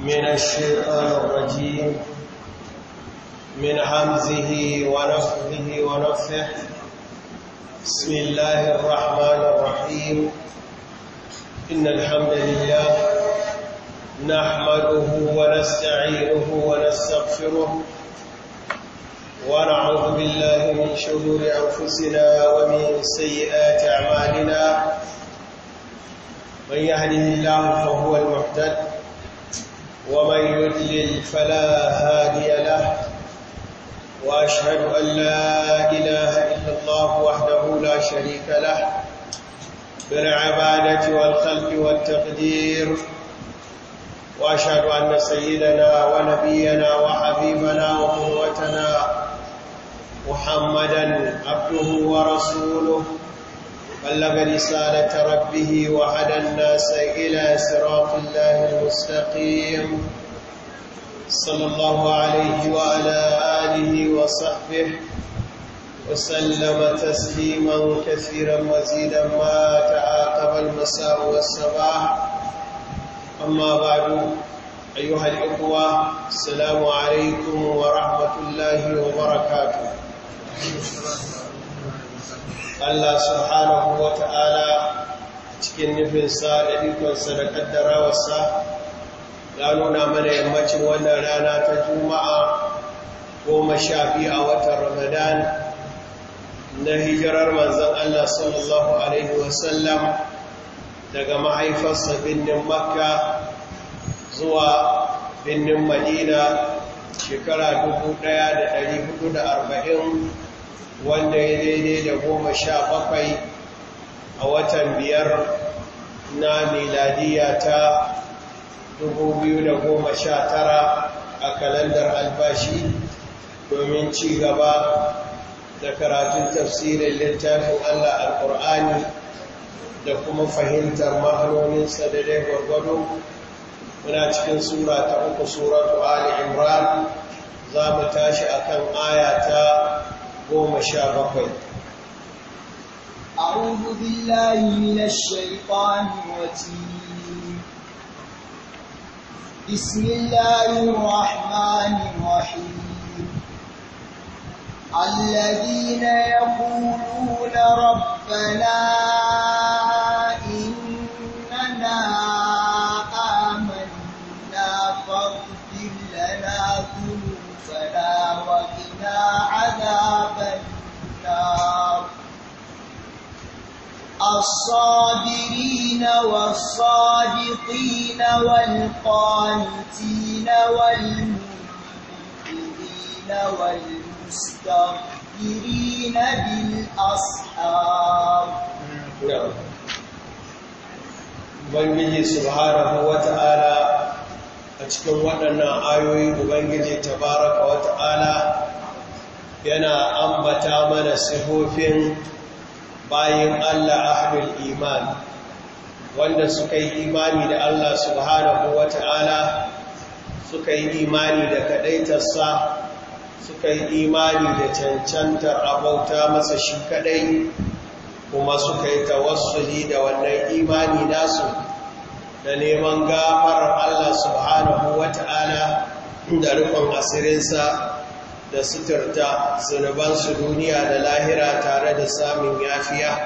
من الشيطان الرجيم من حمزه ونفه ونفه بسم الله الرحمن الرحيم إن الحمد لله نحمده ونستعينه ونستغفره ونعوذ بالله من شرور أنفسنا ومن سيئات أعمالنا من يهده الله فهو المعتد ومن يدلل فلا هادي له وأشهد أن لا إله إلا الله وحده لا شريك له بالعبادة والخلق والتقدير وأشهد أن سيدنا ونبينا وحبيبنا وقوتنا محمدا عبده ورسوله بلغ رسالة ربه وهدى الناس إلى صراط الله المستقيم صلى الله عليه وعلى آله وصحبه وسلم تسليما كثيرا مزيدا ما تعاقب المساء والصباح أما بعد أيها الإخوة السلام عليكم ورحمة الله وبركاته Allah subhanahu wa ta'ala cikin nufinsa da ikonsa da wasa ya nuna mana yammacin wannan rana ta juma'a goma sha biyu a watan ramadan na hijirar manzan Allah sallallahu Alaihi wasallam daga mahaifarsa birnin makka zuwa birnin madina shekara 1440 wanda ya daidai da goma sha bakwai a watan biyar na miladiya ta 2019 a kalandar albashi domin ci gaba da karatun tafsirin littafin Allah al-Qur'ani da kuma fahimtar mahanoninsa da dai gwargwado muna cikin sura ta uku suratu Ali Imran za mu tashi akan aya ta أعوذ بالله من الشيطان الرجيم بسم الله الرحمن الرحيم الذين يقولون ربنا والصابرين والصادقين والقانتين na والمستغفرين بالأصحاب Ubangiji subhanahu wa ta'ala a cikin waɗannan ayoyi Ubangiji tabaraka wa ta'ala yana ambata mana sifofin bayan Allah ahlul iman wanda suka yi imani da Allah subhanahu wata'ala suka yi imani da kadaitarsa suka yi imani da cancantar abauta masa shi kadai kuma suka yi tawassuli da wannan imani nasu da neman gafar Allah subhanahu wata'ala da rufin asirinsa da suturta zunubansu duniya da lahira tare da samun yafiya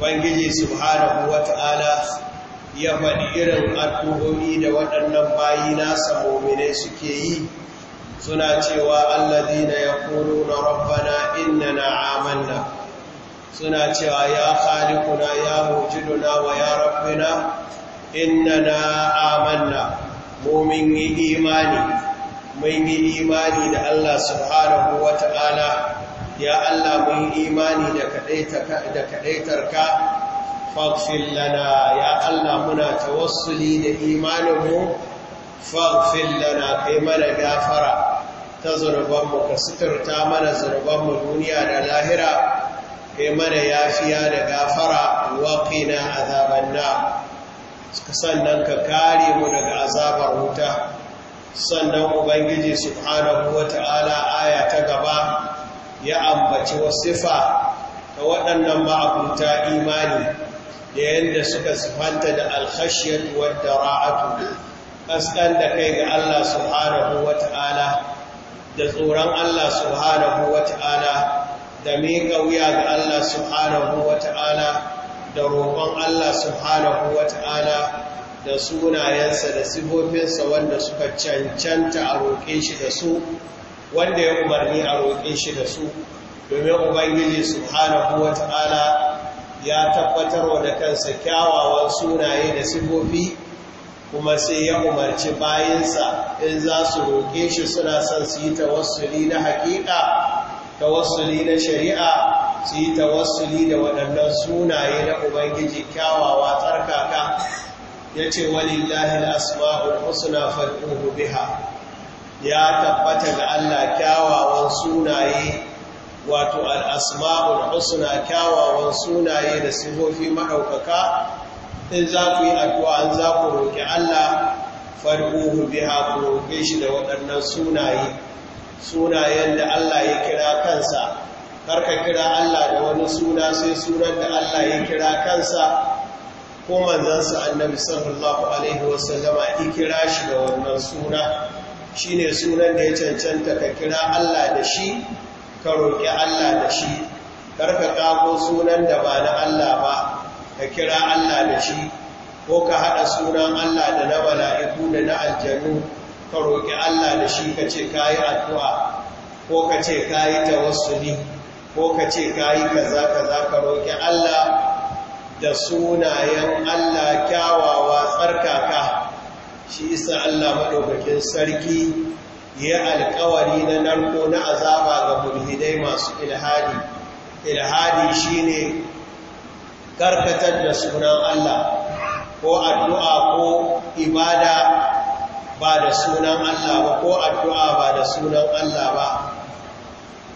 bangiji subhanahu ta'ala ya faɗi irin addu'o'i da waɗannan bayi nasa mominai suke yi suna cewa Dina ya kuru na rabbana na amanna suna cewa ya halikuna ya mujiduna wa ya rabbina na amanna momin yi imani Mai yi imani da Allah subhanahu wa ta'ala ya Allah mun imani da kaɗaitarka faghfir lana ya Allah muna tawassuli da imaninmu faghfir lana kai mana gafara ta zurbanmu ka suturta mana zurbanmu duniya da lahira kai mana yafiya da gafara waqina azaban sannan ka kare mu daga azabar wuta sannan ubangiji subhanahu wata'ala aya ta gaba ya ambaci wasifa ta waɗannan ma'abuta imani da yadda suka sifanta da alhashe wadda ra'atu ƙasƙan da kai ga Allah subhanahu wata'ala da tsoron Allah subhanahu wata'ala da miƙa wuya ga Allah subhanahu wata'ala da roƙon Allah subhanahu wata'ala da sunayensa da sifofinsa wanda suka cancanta a roƙe shi da su wanda ya umarni a roƙe shi da su domin ubangiji su subhanahu ta'ala ya tabbatar wa da kansa kyawawan sunaye da sifofi kuma sai ya umarci bayansa in za su roƙe shi suna son su yi tawassuli na haƙiƙa tawassuli na shari'a su yi tawassuli da waɗannan sunaye na ubangiji kyawawa tsarkaka yace walillahi al-asma'ul husna fad'uhu biha ya tabbata ga Allah kyawawan sunaye wato al-asma'ul husna kyawawan sunaye da sifofi madaukaka in za ku yi addu'a an za ku roki Allah far'uhu biha ku roke shi da waɗannan sunaye sunayen da Allah ya kira kansa karka kira Allah da wani suna sai sunan da Allah ya kira kansa ko manzansa annabi sallallahu alaihi wasallama ya kira shi da wannan suna Shi ne sunan da ya cancanta ka kira Allah da shi ka roƙi Allah da shi karka ƙafo sunan da ba na Allah ba ka kira Allah da shi ko ka haɗa sunan Allah da na Bala'iku da na aljanu ka roƙi Allah da shi ka ce ka yi addu'a ko ka ce ka yi tawassuli ko ka ce ka yi kaza kaza ka roƙi Allah da sunayen Allah kyawawa tsarkaka shi isa Allah maɗaukakin sarki ya alkawari na narko na azaba ga mulhidai masu ilhadi ilhadi shine karkatar da sunan Allah ko addu'a ko ibada ba da sunan Allah ba ko addu'a ba da sunan Allah ba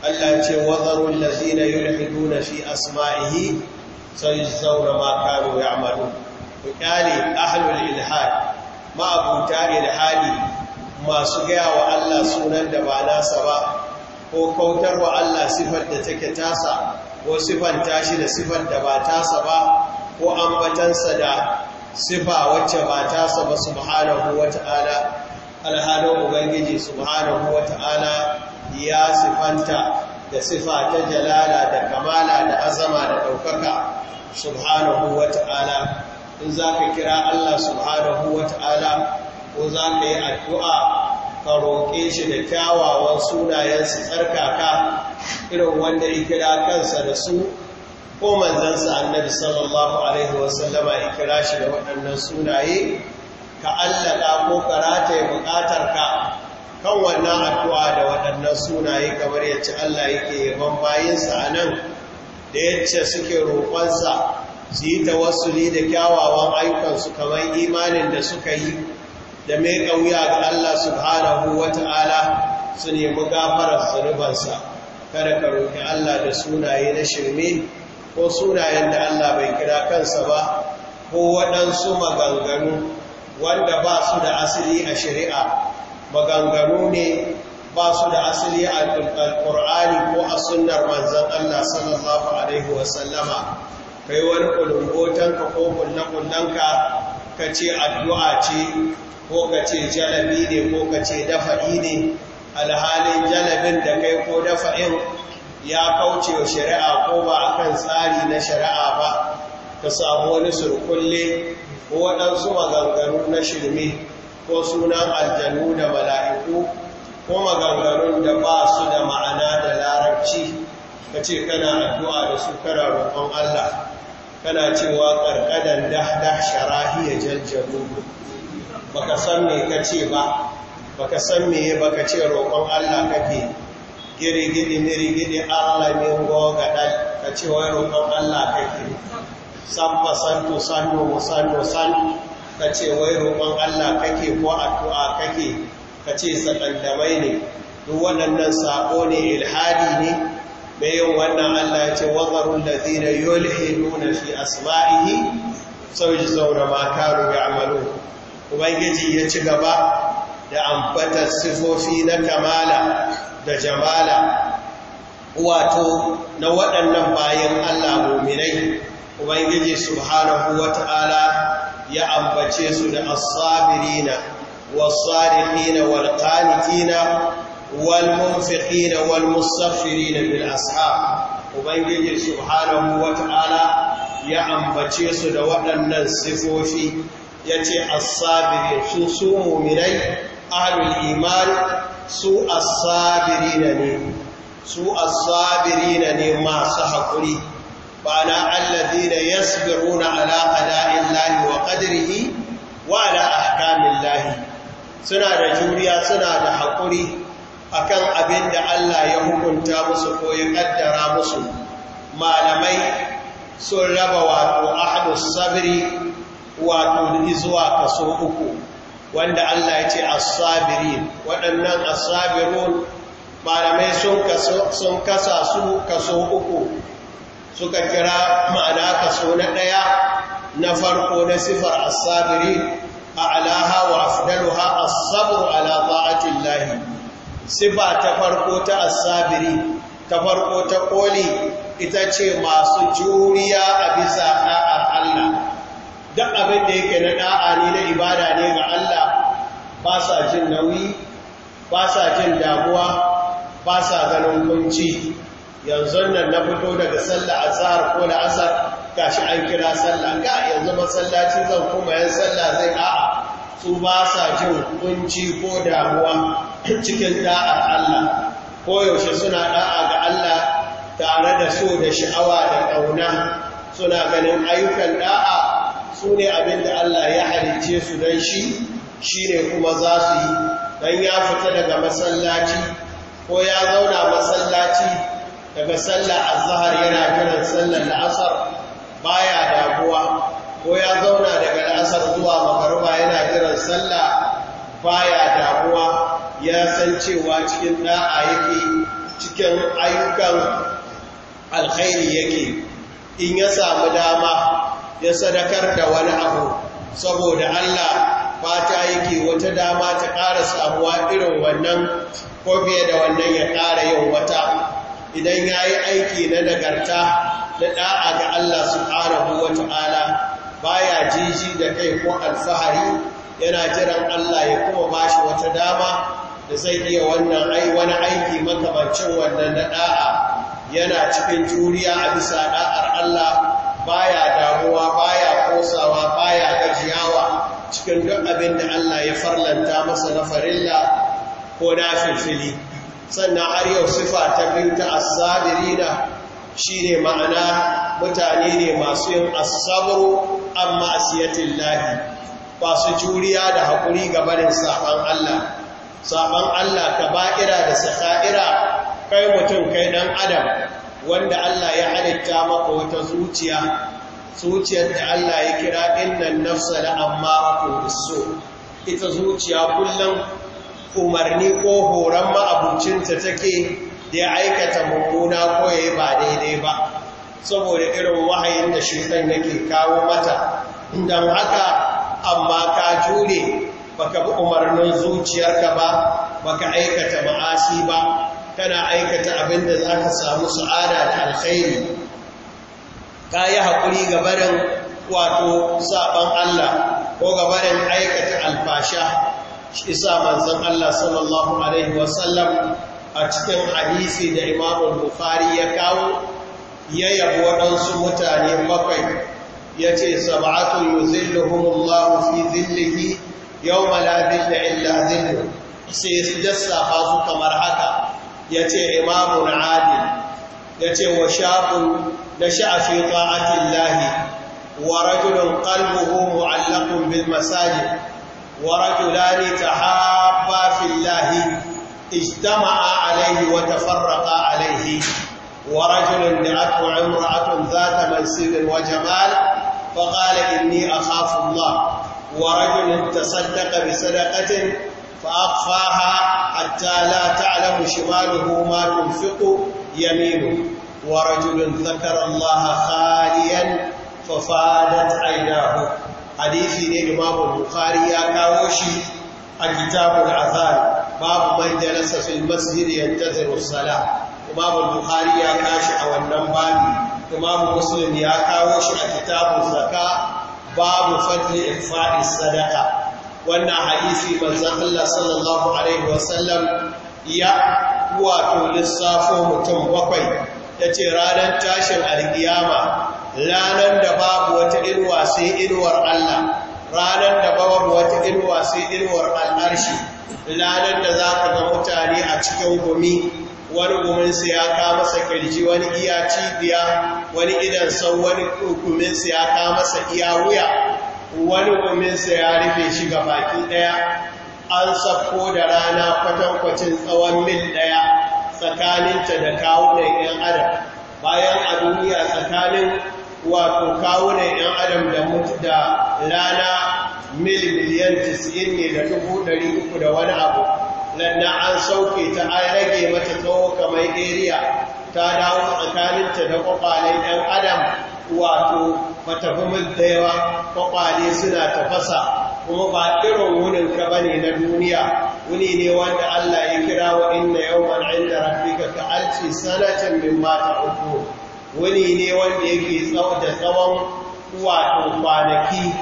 Allah ce wazarun lazina yulhiduna fi asma'ihi sayajzauna ma kanu ya'malu ku kyale ahlul ilhad ma abuta ilhadi masu gaya wa Allah sunan da ba nasa ba ko kautar wa Allah sifar da take tasa ko sifar tashi da sifar da ba tasa ba ko ambatansa da sifa wacce ba tasa ba subhanahu wata'ala alhalin ubangiji subhanahu wata'ala ya sifanta da sifa ta jalala da kamala da azama da ɗaukaka subhanahu wa ta'ala in za ka kira Allah subhanahu wa ta'ala ko za ka yi addu'a ka roƙe shi da kyawawan sunayen sunayensu tsarkaka irin wanda ya kira kansa da su ko manzansa annabi sallallahu alaihi wasallama ya kira shi da waɗannan sunaye ka allaka ko ka rataye ka. kan wannan addu'a da waɗannan sunaye kamar yace Allah yake yaban bayinsa a nan da yace suke roƙonsa su yi ta wasu ni da kyawawan ayyukansu kamar imanin da suka yi da mai ƙauya ga Allah subhanahu wa ta'ala su nemi gafarar zunubansa kada ka roƙi Allah da sunaye na shirme ko sunayen da Allah bai kira kansa ba ko waɗansu maganganu wanda ba su da asali a shari'a maganganu ne ba su da asali a alƙur'ani ko a sunnar manzan Allah sallallahu alaihi wasallama kai wani kulungotanka ko kullakullanka ka ce addu'a ce ko ka ce jalabi ne ko ka ce dafa'i ne alhalin jalabin da kai ko dafa'in ya kauce wa shari'a ko ba a kan tsari na shari'a ba ka samu wani surkulle ko waɗansu maganganu na shirme ko sunan aljanu da mala'iku ko maganganun da ba su da ma'ana da larabci ka ce kana addu'a da su kana roƙon Allah kana cewa ƙarƙadan dahdah sharahi ya ba baka san me ka ce ba baka san me baka ce roƙon Allah kake girgidi mirgidi goga ɗan ka ce wai roƙon Allah kake san fasantu sannu musannu san. ka ce wai roƙon Allah kake ko addu'a kake ka ce sakandamai ne duk waɗannan saƙo ne ilhadi ne bayan yau wannan Allah ya ce waƙarun da zina shi fi sama’ihi sau ji zaura ma karu ya amalu ubangiji ya ci gaba da amfata sifofi na kamala da jamala wato na waɗannan bayan Allah muminai Ubangiji subhanahu ta'ala ya ambace su da as-sabirina was-sadiqina wal-qanitina wal-munfiqina wal bil ashab ubangiji subhanahu wata'ala ya ambace su da waɗannan sifofi yace as-sabirin su su mu'minai ahlul iman su as-sabirina ne su ne masu haƙuri ma'ana alladhina yasbiruna ala qada'illahi wa qadrihi wa ala ahkamillahi suna da juriya suna da haƙuri akan abin da Allah ya hukunta musu ko ya kaddara musu malamai sun raba wato ahdus sabri wato zuwa kaso uku wanda Allah yace ce as-sabirin waɗannan as-sabirun malamai sun kasa su kaso uku suka kira ma'ana kaso na ɗaya na farko na sifar asabiri a alaha wa afdaluha asabru alama a lahi sifa ta farko ta asabiri ta farko ta koli ita ce masu juriya a bisa ɗa'ar Allah duk abin da yake na ɗa'a ne na ibada ne ga Allah ba sa jin nauyi ba sa jin damuwa ba sa ganin kunci yanzu nan na fito daga sallah a azhar ko da asar gashi an kira sallah ga yanzu masallaci zan kuma yan sallah zai a su ba sa jin kunci ko damuwa cikin da'a Allah ko yaushe suna da'a ga Allah tare da so da sha'awa da ƙauna suna ganin ayyukan da'a su ne abin da Allah ya halicce su dan shi shi ne kuma za su yi Dan ya fita daga masallaci ko ya zauna masallaci daga sallar azhar yana na sallar la'asar baya damuwa ko ya zauna daga asar zuwa magariba yana kiran sallah baya damuwa ya san cewa cikin da'a yake cikin ayyukan alkhairi yake in ya samu dama ya sadakar da wani abu saboda Allah fata yake wata dama ta ƙara samuwa irin wannan ko fiye da wannan ya ƙara yin wata idan ya yi aiki na nagarta na ɗa'a ga Allah subhanahu wa ta'ala ba ya jiji da kai ko alfahari yana jiran Allah ya kuma ba shi wata dama da zai iya wannan wani aiki makamancin wannan na ɗa'a yana cikin juriya a bisa ɗa'ar Allah ba ya damuwa ba baya kosawa ya gajiyawa cikin duk abin da Allah ya farlanta masa na farilla ko na filfili. sannan har yau sifa ta biyu ta asadirina shine ma'ana mutane ne masu yin asabru amma asiyatin lahi ba su juriya da haƙuri gabanin saɓan Allah saɓan Allah ta ba'ira da saka'ira kai mutum kai ɗan adam wanda Allah ya halitta maka wata zuciya zuciyar da Allah ya kira innan nafsa da amma ku so ita zuciya kullum umarni ko horon ma'abucinta take da ya aikata mummuna ko ya yi ba daidai ba saboda irin wahayin da shaitan yake kawo mata don haka amma ka jure baka bi umarnin zuciyarka ba baka aikata ma'asi ba kana aikata abin da za ka samu sa'ada da alkhairi ka yi haƙuri ga barin wato saɓan Allah ko ga barin aikata alfasha shi sa manzon Allah sallallahu alaihi wasallam a cikin hadisi da Imam Bukhari ya kawo ya yabo waɗansu mutane bakwai yace sab'atu yuzilluhumullahu fi zillihi yawma la da illa dhilluhu sai su lissafa fasu kamar haka yace imamun adil yace wa shaqun nasha'a fi ta'atillahi wa rajulun qalbuhu mu'allaqun bil masajid ورجلان تحابا في الله اجتمعا عليه وتفرقا عليه ورجل دعته امرأة ذات منصب وجمال فقال إني أخاف الله ورجل تصدق بصدقة فأخفاها حتى لا تعلم شماله ما تنفق يمينه ورجل ذكر الله خاليا ففادت عيناه hadisi ne da babu bukari ya kawo shi a kitabun azhar babu man jalasa fil masjid yantaziru salah Babu bukari ya kashi a wannan babi Babu muslim ya kawo shi a kitabun zaka babu fadli infa'is sadaka wannan hadisi manzon Allah sallallahu alaihi wasallam ya wato lissafo mutum bakwai yace ranar tashin alkiyama ranar da babu wata inuwa sai inuwar Allah ranar da babu wata inuwa sai inuwar al'arshi ranar da za ka ga mutane a cikin gumi wani guminsu ya ka masa kirji wani iya cibiya wani sau wani guminsa ya ka masa iya wuya wani guminsa ya rufe shi ga baki ɗaya an safko da rana kwatankwacin tsawon mil ɗaya tsakaninta da kawunan ‘yan adam bayan a duniya tsakanin wato kawunan 'yan adam da mutu da rana mil miliyan 90 ne da dubu uku da wani abu lanna an sauke ta an rage mata tsawo kamar area ta dawo tsakaninta da kwakwalen 'yan adam wato matafimar da yawa kwakwale suna tafasa kuma ba irin wunin ka bane na duniya wuni ne wanda Allah ya kira wa inna yawman inda ga ka alci sanatin min ta uku. wani ne wanda yake da tsawon wato kwanaki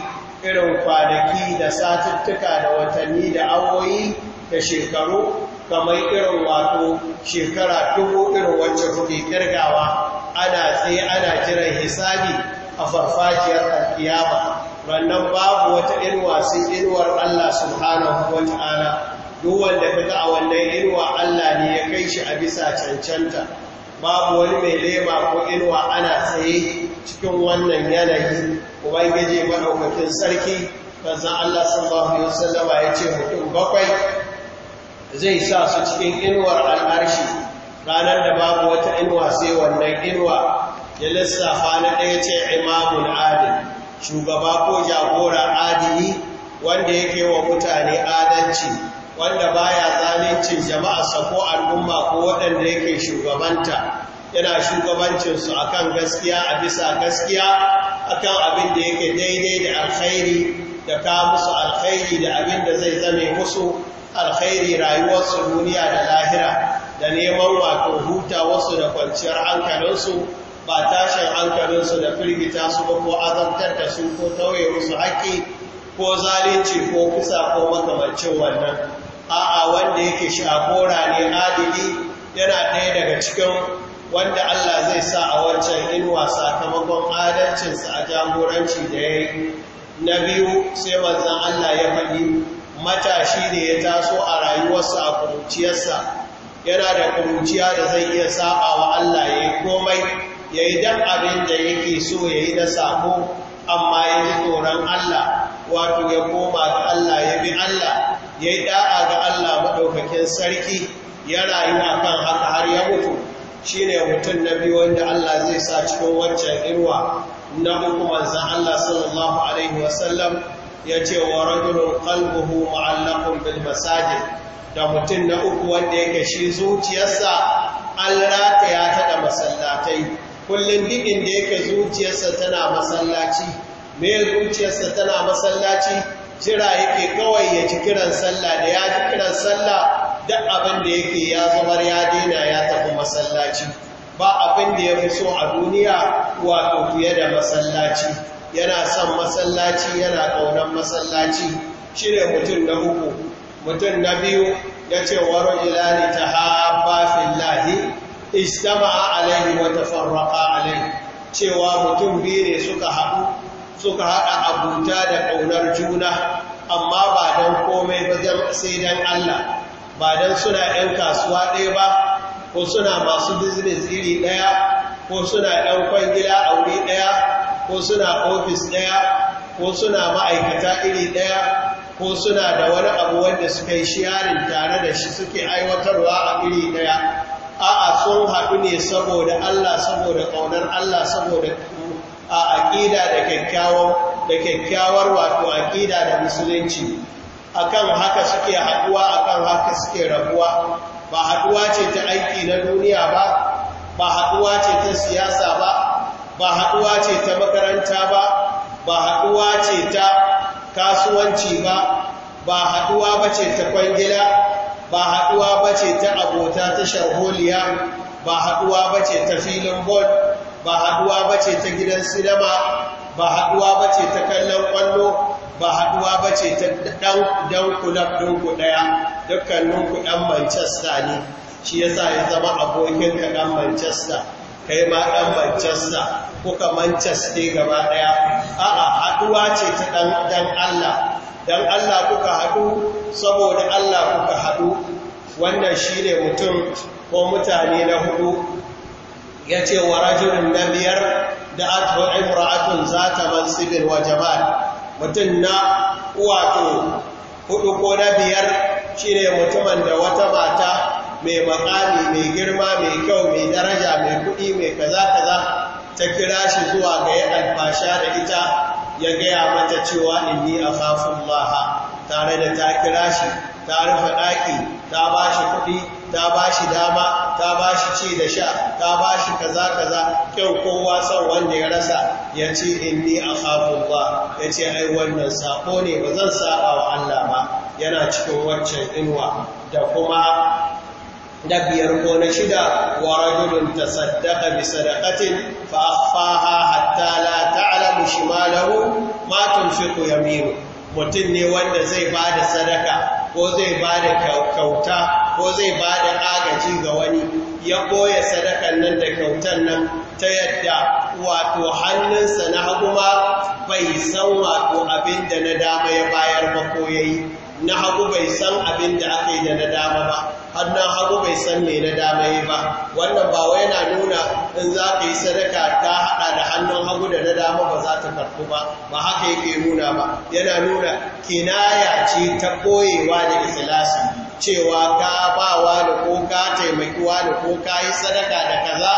irin kwanaki da satuttuka da watanni da awoyi da shekaru kamar irin wato shekara dubu irin wacce kuke kirgawa ana tsaye ana jiran hisabi a farfajiyar alkiyama rannan babu wata inuwa sun inuwar Allah subhanahu wa ta'ala duk wanda kaga a wannan inuwa Allah ne ya kai shi a bisa cancanta babu wani mai lema ko inuwa ana tsaye cikin wannan yanayi ubangiji maɗaukakin sarki kanzan Allah sallallahu Alaihi wasallama ya ce mutum bakwai zai sa su cikin inuwar al'arshi ranar da babu wata inuwa sai wannan inuwa ya lissafa na ɗaya ce imamun adil shugaba ko jagora adili wanda yake wa mutane adalci wanda baya zalunci jama'a ko al'umma ko waɗanda yake shugabanta yana shugabancinsu akan gaskiya a bisa gaskiya akan abin da yake daidai da alkhairi da ka musu alkhairi da abin da zai zame musu alkhairi rayuwarsu duniya da lahira da neman wato huta wasu da kwanciyar hankalinsu ba tashin hankalinsu da firgita su ba ko azabtar da su ko tauye musu haƙƙi ko zalunci ko kusa ko makamancin wannan a'a wanda yake shakora ne adili yana ɗaya daga cikin wanda Allah zai sa a wancan inuwa sakamakon adalcinsa a jagoranci da ya yi na biyu sai manzan Allah ya faɗi matashi ne ya taso a rayuwarsa a kuruciyarsa yana da kuruciya da zai iya saba wa Allah ya yi komai ya yi dan abin da yake so ya yi na sako amma ya yi tsoron Allah wato ya koma ga Allah ya bi Allah ya yi da'a ga Allah maɗaukakin sarki ya rayu a kan haka har ya mutu shi ne mutum na biyu wanda Allah zai sa cikin wancan irwa na uku manzan Allah sallallahu alaihi wasallam ya ce wa rajulun qalbuhu mu'allaqun bil masajid da mutum na uku wanda yake shi zuciyarsa an rataya ta da masallatai kullum dikin da yake zuciyarsa tana masallaci me zuciyarsa tana masallaci jira yake kawai ya ji kiran sallah da ya ji kiran sallah duk abin da yake ya zubar ya daina ya tafi masallaci ba abin da ya fi so a duniya wato fiye da masallaci yana son masallaci yana ƙaunar masallaci shi ne mutum na uku mutum na biyu ya ce waro ilani ta haɓa fillahi istama alaihi wata farraka alaihi cewa mutum biyu ne suka haɗu suka haɗa abuta da ƙaunar juna amma ba don komai ba sai don Allah ba don suna ‘yan kasuwa ɗaya ba ko suna masu business iri ɗaya ko suna 'yan kwangila a wuri ɗaya ko suna ofis ɗaya ko suna ma'aikata iri ɗaya ko suna da wani abu wanda suka yi shiyarin tare da shi suke aiwatarwa a iri ɗaya a'a sun haɗu ne saboda Allah saboda ƙaunar Allah saboda a aƙida da kyakkyawar da kyakkyawar wato aƙida da musulunci akan haka suke haɗuwa akan haka suke rabuwa ba haɗuwa ce ta aiki na duniya ba ba haɗuwa ce ta siyasa ba ba haɗuwa ce ta makaranta ba ba haɗuwa ce ta kasuwanci ba ba haɗuwa ba ce ta kwangila ba haɗuwa ba ce ta abota ta sharholiya ba haɗuwa ba ce ta filin bol ba haduwa ce ta gidan sinama ba haduwa ce ta kallon kwallo ba haduwa ce ta dan dan kulab din ku daya ku dan Manchester ne shi yasa ya zama abokin ka dan Manchester kai ma dan Manchester kuka Manchester gaba daya a'a haduwa ce ta dan dan Allah dan Allah kuka haɗu saboda Allah kuka haɗu wannan shine mutum ko mutane na hudu ya ce wa rajulun na biyar da ato imra'atun za ta mansibin wa jama'ar mutum na wato hudu ko na biyar shi mutumin da wata mata mai makami mai girma mai kyau mai daraja mai kuɗi mai kaza-kaza ta kira shi zuwa ga ya alfasha da ita ya gaya mata cewa inni a kafin maha tare da ta kira shi ta rufe ɗaki ta bashi shi kuɗi ta ba shi dama ta ba shi ci da sha ta ba shi kaza kaza kyau kowa son wanda ya rasa ya ce inni a ba ya ce ai wannan sako ne ba zan saba wa Allah ba yana cikin waccan inuwa da kuma da biyar ko na shida wa rajulun tasaddaqa bi sadaqatin fa akhfaha hatta la ta'lamu shimalahu ma tunfiqu yaminu mutum ne wanda zai bada sadaka ko zai ba da kyauta ko zai ba da agaji ga wani ya ɓoye sadakan nan da kyautan nan ta yadda wato hannunsa na hagu bai san wato abin da na dama ya bayar ba ko ya yi na hagu bai san abin da aka yi da na dama ba hannun hagu bai san me na dama yi ba wannan ba wai yana nuna in za ka yi sadaka ta haɗa da hannun hagu da na dama ba za ta karfi ba ba haka yake nuna ba yana nuna kinaya ce ta koyewa da ikhlasi cewa ka bawa da ko ka taimakiwa da ko ka yi sadaka da kaza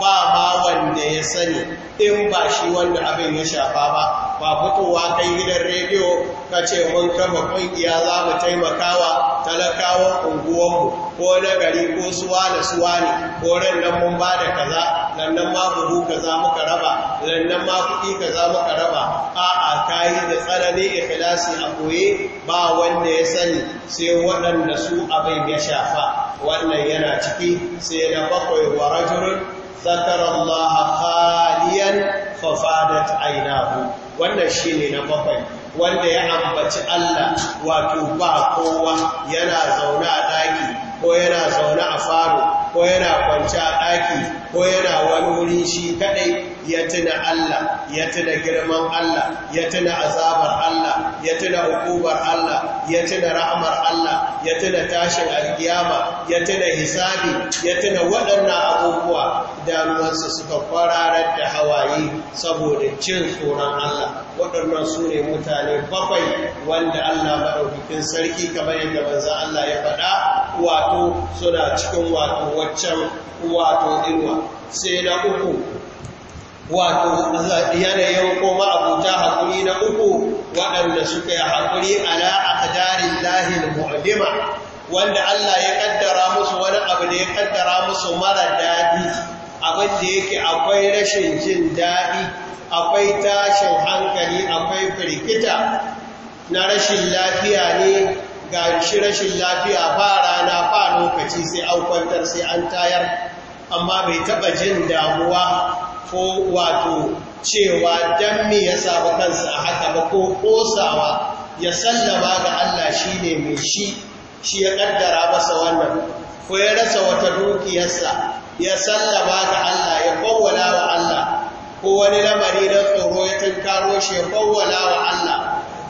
ba ma wanda ya sani in ba shi wanda abin ya shafa ba ba fitowa kai gidan rediyo ka ce mun kama kungiya za mu taimakawa talakawan unguwanmu ko na gari ko suwa da suwa ne ko ran nan mun ba da kaza nan ma buhu mu muka raba nan ma kuɗi mu muka raba a'a kayi da tsanani ikhlasi a koye ba wanda ya sani sai waɗanda su abin ya shafa wannan yana ciki sai na bakwai wa rajulun zakara Allah khaliyan fafadat ainahu wannan shine na bakwai wanda ya ambaci Allah wato ba kowa yana zauna a daki ko yana zaune a faru, ko yana kwanci a ɗaki ko yana wani wuri shi kaɗai ya tuna Allah ya tuna girman Allah ya tuna azabar Allah ya tuna hukubar Allah ya tuna ra'amar Allah ya tuna tashin alkiyama ya tuna hisabi ya tuna waɗannan abubuwa damuwarsa suka kwararar da hawaye saboda cin tsoron Allah waɗannan su ne mutane bakwai wanda Allah maɗaukakin sarki kamar yadda manzan Allah ya faɗa wa wato suna cikin wato waccan wato inuwa sai na uku wato yanayin koma abuta haƙuri na uku waɗanda suka yi haƙuri ala akadarin lahil mu'adima wanda Allah ya ƙaddara musu wani abu da ya kaddara musu mara daɗi abinda da yake akwai rashin jin daɗi akwai tashin hankali akwai firgita na rashin lafiya ne ga shi rashin lafiya ba rana ba lokaci sai an kwantar sai an tayar amma bai taɓa jin damuwa ko wato cewa Dan me ya sabu kansa a haka ba ko ƙosawa ya sallama ga Allah shi ne mai shi shi ya ƙaddara masa wannan ko ya rasa wata dukiyarsa ya sallama ga Allah ya kowwala wa Allah ko wani lamari na tsoro ya tunkaro shi ya kowwala wa Allah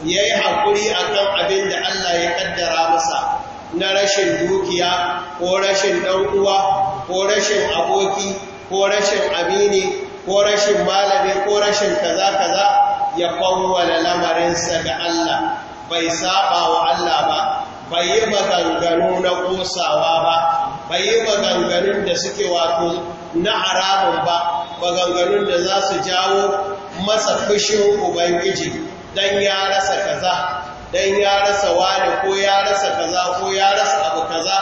Yayi yi haƙuri a kan abin da Allah ya ƙaddara masa na rashin dukiya ko rashin uwa, ko rashin aboki ko rashin amini ko rashin malami ko rashin kaza-kaza ya fawwala lamarinsa ga Allah bai saba wa Allah ba bai yi maganganu na ƙosawa ba bai yi maganganun da suke wato na haramun ba maganganun da za su jawo masa fushin Ubangiji dan ya rasa kaza dan ya rasa wani ko ya rasa kaza ko ya rasa abu kaza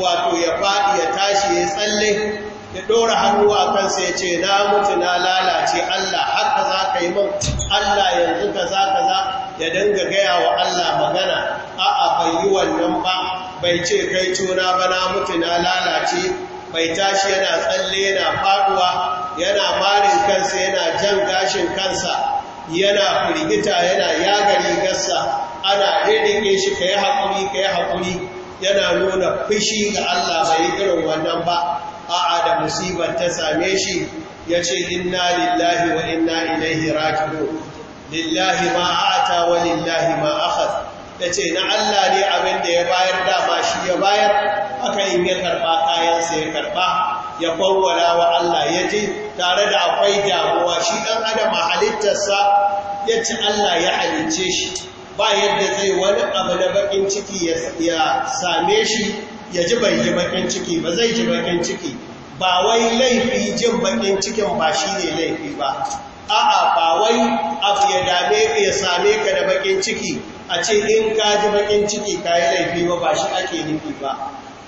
wato ya faɗi ya tashi ya tsalle ya ɗora hannu a kansa ya ce na mutu na lalace Allah haka za ka yi min Allah yanzu kaza kaza ya dinga gaya wa Allah magana a'a bai yi wannan ba bai ce kai cuna ba na mutu na lalace bai tashi yana tsalle yana faɗuwa yana marin kansa yana jan gashin kansa yana firgita yana yaga rigarsa ana rirrike shi ka yi haƙuri ka yi haƙuri yana nuna fushi ga Allah bai irin wannan ba a'a da musibar ta same shi ya ce inna lillahi wa inna ilaihi rajiu lillahi ma a'ata wa lillahi ma akhad ya ce na Allah ne abin da ya bayar da ba shi ya bayar Aka in ya karɓa kayansa ya karɓa ya fawwala wa Allah ya ji tare da akwai damuwa shi ɗan adam a halittarsa ya ci Allah ya halicce shi ba yadda zai wani abu na bakin ciki ya same shi ya ji bai ji bakin ciki ba zai ji bakin ciki ba wai laifi jin bakin cikin ba shi ne laifi ba a'a ba wai abu ya dame ka ya same ka da bakin ciki a ce in ka ji bakin ciki ka yi laifi ba ba shi ake nufi ba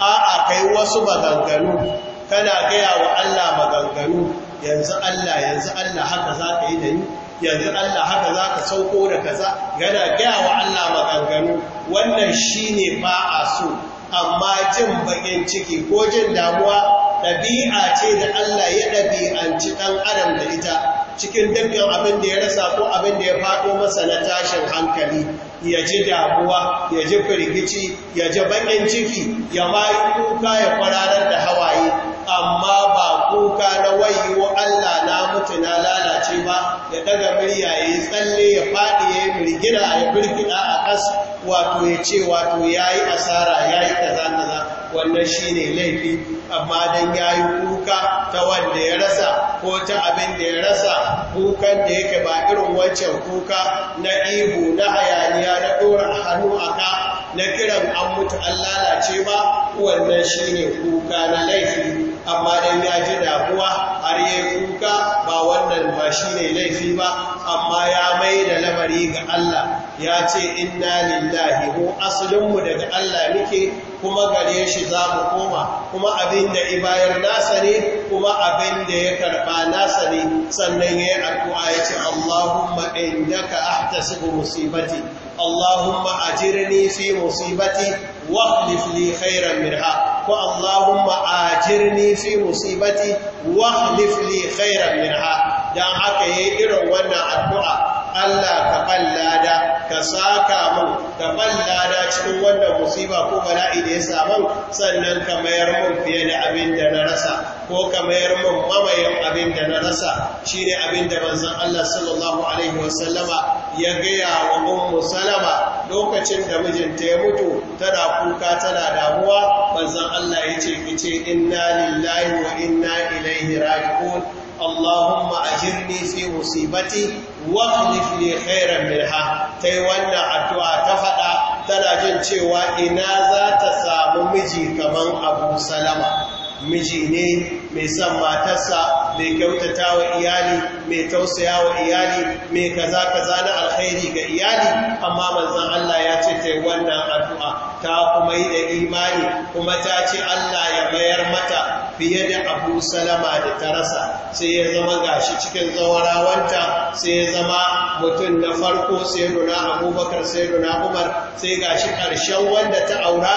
a'a kai wasu maganganu kana gaya wa Allah maganganu yanzu Allah yanzu Allah haka za ka yi da ni yanzu Allah haka za ka sauko da kaza gana gaya wa Allah maganganu wannan shi ne ba a so amma jin bakin ciki ko jin damuwa ɗabi'a ce da Allah ya ɗabi'anci ɗan adam da ita cikin dukkan abin da ya rasa ko abin da ya faɗo masa na tashin hankali ya ji damuwa ya ji firgici ya ji bakin ciki ya ma kuka ya kwararar da hawaye amma ba kuka na wa Allah na mutu na lalace ba ya daga murya ya yi tsalle ya faɗi ya yi mirgina ya birgina a ƙas wato ya ce wato ya yi asara ya yi kaza kaza wannan shi ne laifi amma don ya yi kuka ta wanda ya rasa ko ta abin da ya rasa kukan da yake ba irin wancan kuka na ihu na hayaniya na ɗora hannu a ka na kiran an mutu an lalace ba wannan ne kuka na laifi amma dan ya ji damuwa har yi kuka ba wannan ba shi ne laifi ba amma ya mai da lamari ga Allah ya ce inna lillahi mu asalinmu daga Allah muke kuma gare shi za mu koma kuma abin da ibayar nasa ne kuma abin da ya karɓa nasa ne sannan ya yi addu'a ya ce Allahumma ta ahtasibu musibati Allahumma ajirni fi musibati واخلف لي ko منها اللهم اجرني في مصيبتي واخلف لي خيرا منها dan haka yayi irin wannan addu'a Allah ka ballada ka saka mun ka ballada cikin wannan musiba ko bala'i da ya samu sannan ka mayar mun fiye da abin da na rasa ko ka mayar mun mamayin abin da na rasa shine abin da manzon Allah sallallahu alaihi wasallama ya gaya wa ummu salama lokacin da mijinta ya mutu tana kuka tana damuwa manzon Allah ya ce kice inna lillahi wa inna ilaihi raji'un Allahumma ajirni fi musibati wa akhlif li khairan minha tai wannan addu'a ta fada tana jin cewa ina za ta samu miji kaman Abu Salama miji ne mai son matarsa mai kyautata wa iyali mai tausaya wa iyali mai kaza kaza na alkhairi ga iyali amma manzon Allah ya ce ta yi wannan addu'a ta kuma yi da imani kuma ta ce Allah ya mayar mata fiye da abu salama da ta rasa sai ya zama gashi cikin zawarawanta sai ya zama mutum na farko sai nuna abubakar sai nuna umar sai gashi ƙarshen wanda ta aura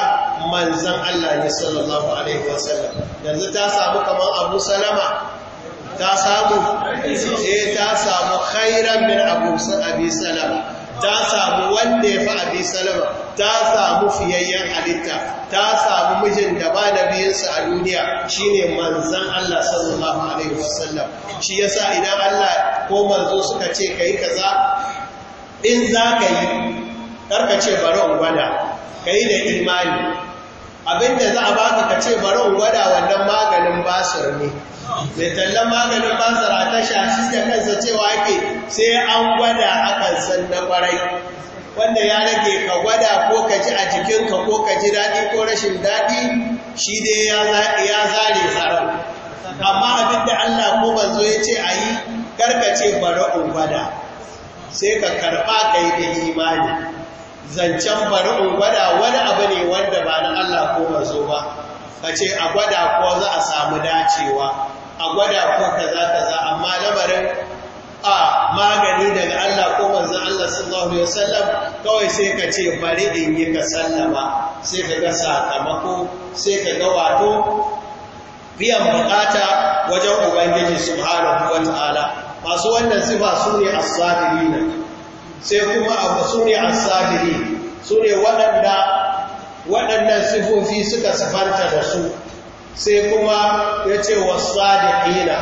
manzan Allah ne sallallahu alaihi wasallam yanzu ta samu kamar abu salama ta samu eh ta samu khairan min abu abi salama ta samu wanda ya fi abi salama ta samu fiyayyen halitta ta samu mijin da ba da biyansa a duniya Shi ne manzan Allah sallallahu alaihi wasallam shi yasa idan Allah ko manzo suka ce kai kaza in za ka yi karka ce bari in gwada ka yi da imani abinda za a baka ka ce bari in gwada wannan maganin basir ne mai tallan maganin basar a tasha shi da kansa cewa ake sai an gwada akan san na kwarai wanda ya rage ka gwada ko ka ji a jikinka ko ka ji daɗi ko rashin daɗi shi dai ya zare tsaron amma abinda Allah ko banzo ya ce a yi karkace bari in gwada sai ka karɓa ka yi da imani zancen bari in gwada wani abu ne wanda ba na Allah ko mazo ba ka ce a gwada ko za a samu dacewa a gwada ko kaza kaza amma lamarin a magani daga Allah ko manzon Allah sallallahu alaihi wasallam kawai sai ka ce bari in yi ka sallama sai ka ga sakamako sai ka ga wato biyan bukata wajen ubangiji subhanahu wataala masu wannan sifa su ne as-sabirina sai kuma abu su ne asabiri su ne waɗannan sifofi suka sifanta da su sai kuma ya ce wasadiqina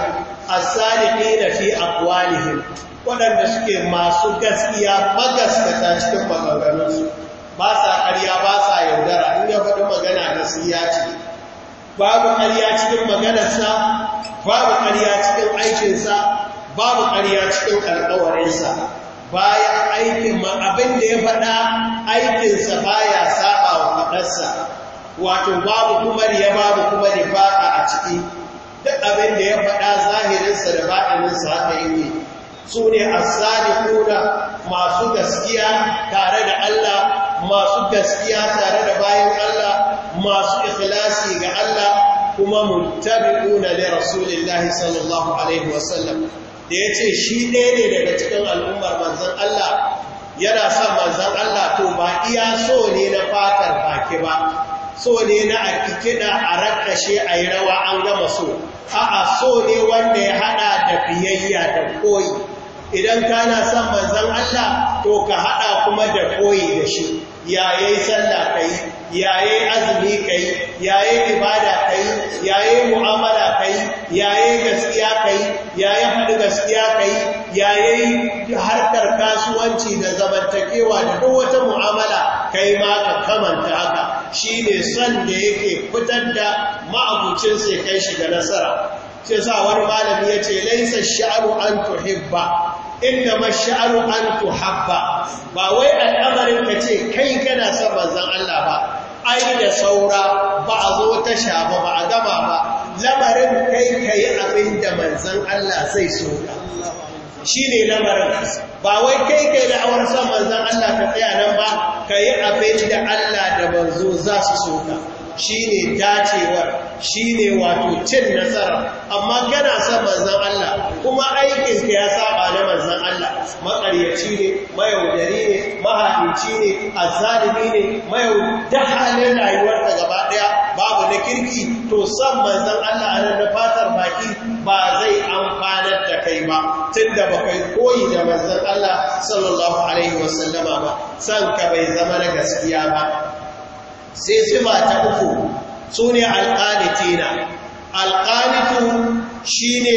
asadiqina fi aqwalihim waɗanda suke masu gaskiya magaskata cikin maganganunsu ba sa ƙarya ba sa yaudara in ya faɗi magana na ce babu ƙarya cikin maganarsa babu ƙarya cikin aikinsa babu ƙarya cikin alkawarinsa bayan aikin ma abin da ya faɗa aikinsa baya saba wa faɗarsa wato babu kuma riya babu kuma nifaka a ciki duk abin da ya faɗa zahirinsa da baɗininsa haka yake su ne as-sadiquna masu gaskiya tare da Allah masu gaskiya tare da bayan Allah masu ikhlasi ga Allah kuma muttabi'una li rasulillahi sallallahu alaihi wasallam da yace shi ɗaya ne daga cikin al'ummar iya so ne na fatar baki ba so ne na a kiɗa a rakashe a yi rawa an gama so a'a so ne wanda ya haɗa da biyayya da koyi idan ka na son manzan Allah to ka haɗa kuma da koyi da shi yayai sallah kai yayai azumi kai yayai ibada kai yaye mu'amala kai yaye gaskiya kai yaye haɗu gaskiya kai yaye harkar kasuwanci da zamantakewa da duk wata mu'amala kai ma ka kamanta haka shi ne son da yake fitar da ma'abucin sai kai shi ga nasara sai sa wani malami ya ce laisa sha'aru an tuhibba inda ma sha'aru an tuhabba ba wai al'amarin ka ce kai kana son manzon Allah ba ai da saura ba a zo ta sha ba ba a gama ba lamarin kai ka yi abin da manzan Allah sai so ka shi ne lamarin ba wai kai kai da awar son manzan Allah ka tsaya nan ba ka yi abin da Allah da manzo za su so ka Shi shine dacewar ne wato cin nasara amma yana son manzon Allah kuma aikin ya saba na manzan Allah makaryaci ne mayaudari ne mahaici ne azzalimi ne mayau halin rayuwar ta gaba daya babu na kirki to san manzon Allah a nan fatar baki ba zai amfanar da kai ba tunda ba kai koyi da manzan Allah sallallahu alaihi wasallama ba san ka bai zama na gaskiya ba sai sifa ta uku su ne alƙanitina alƙanitu shi ne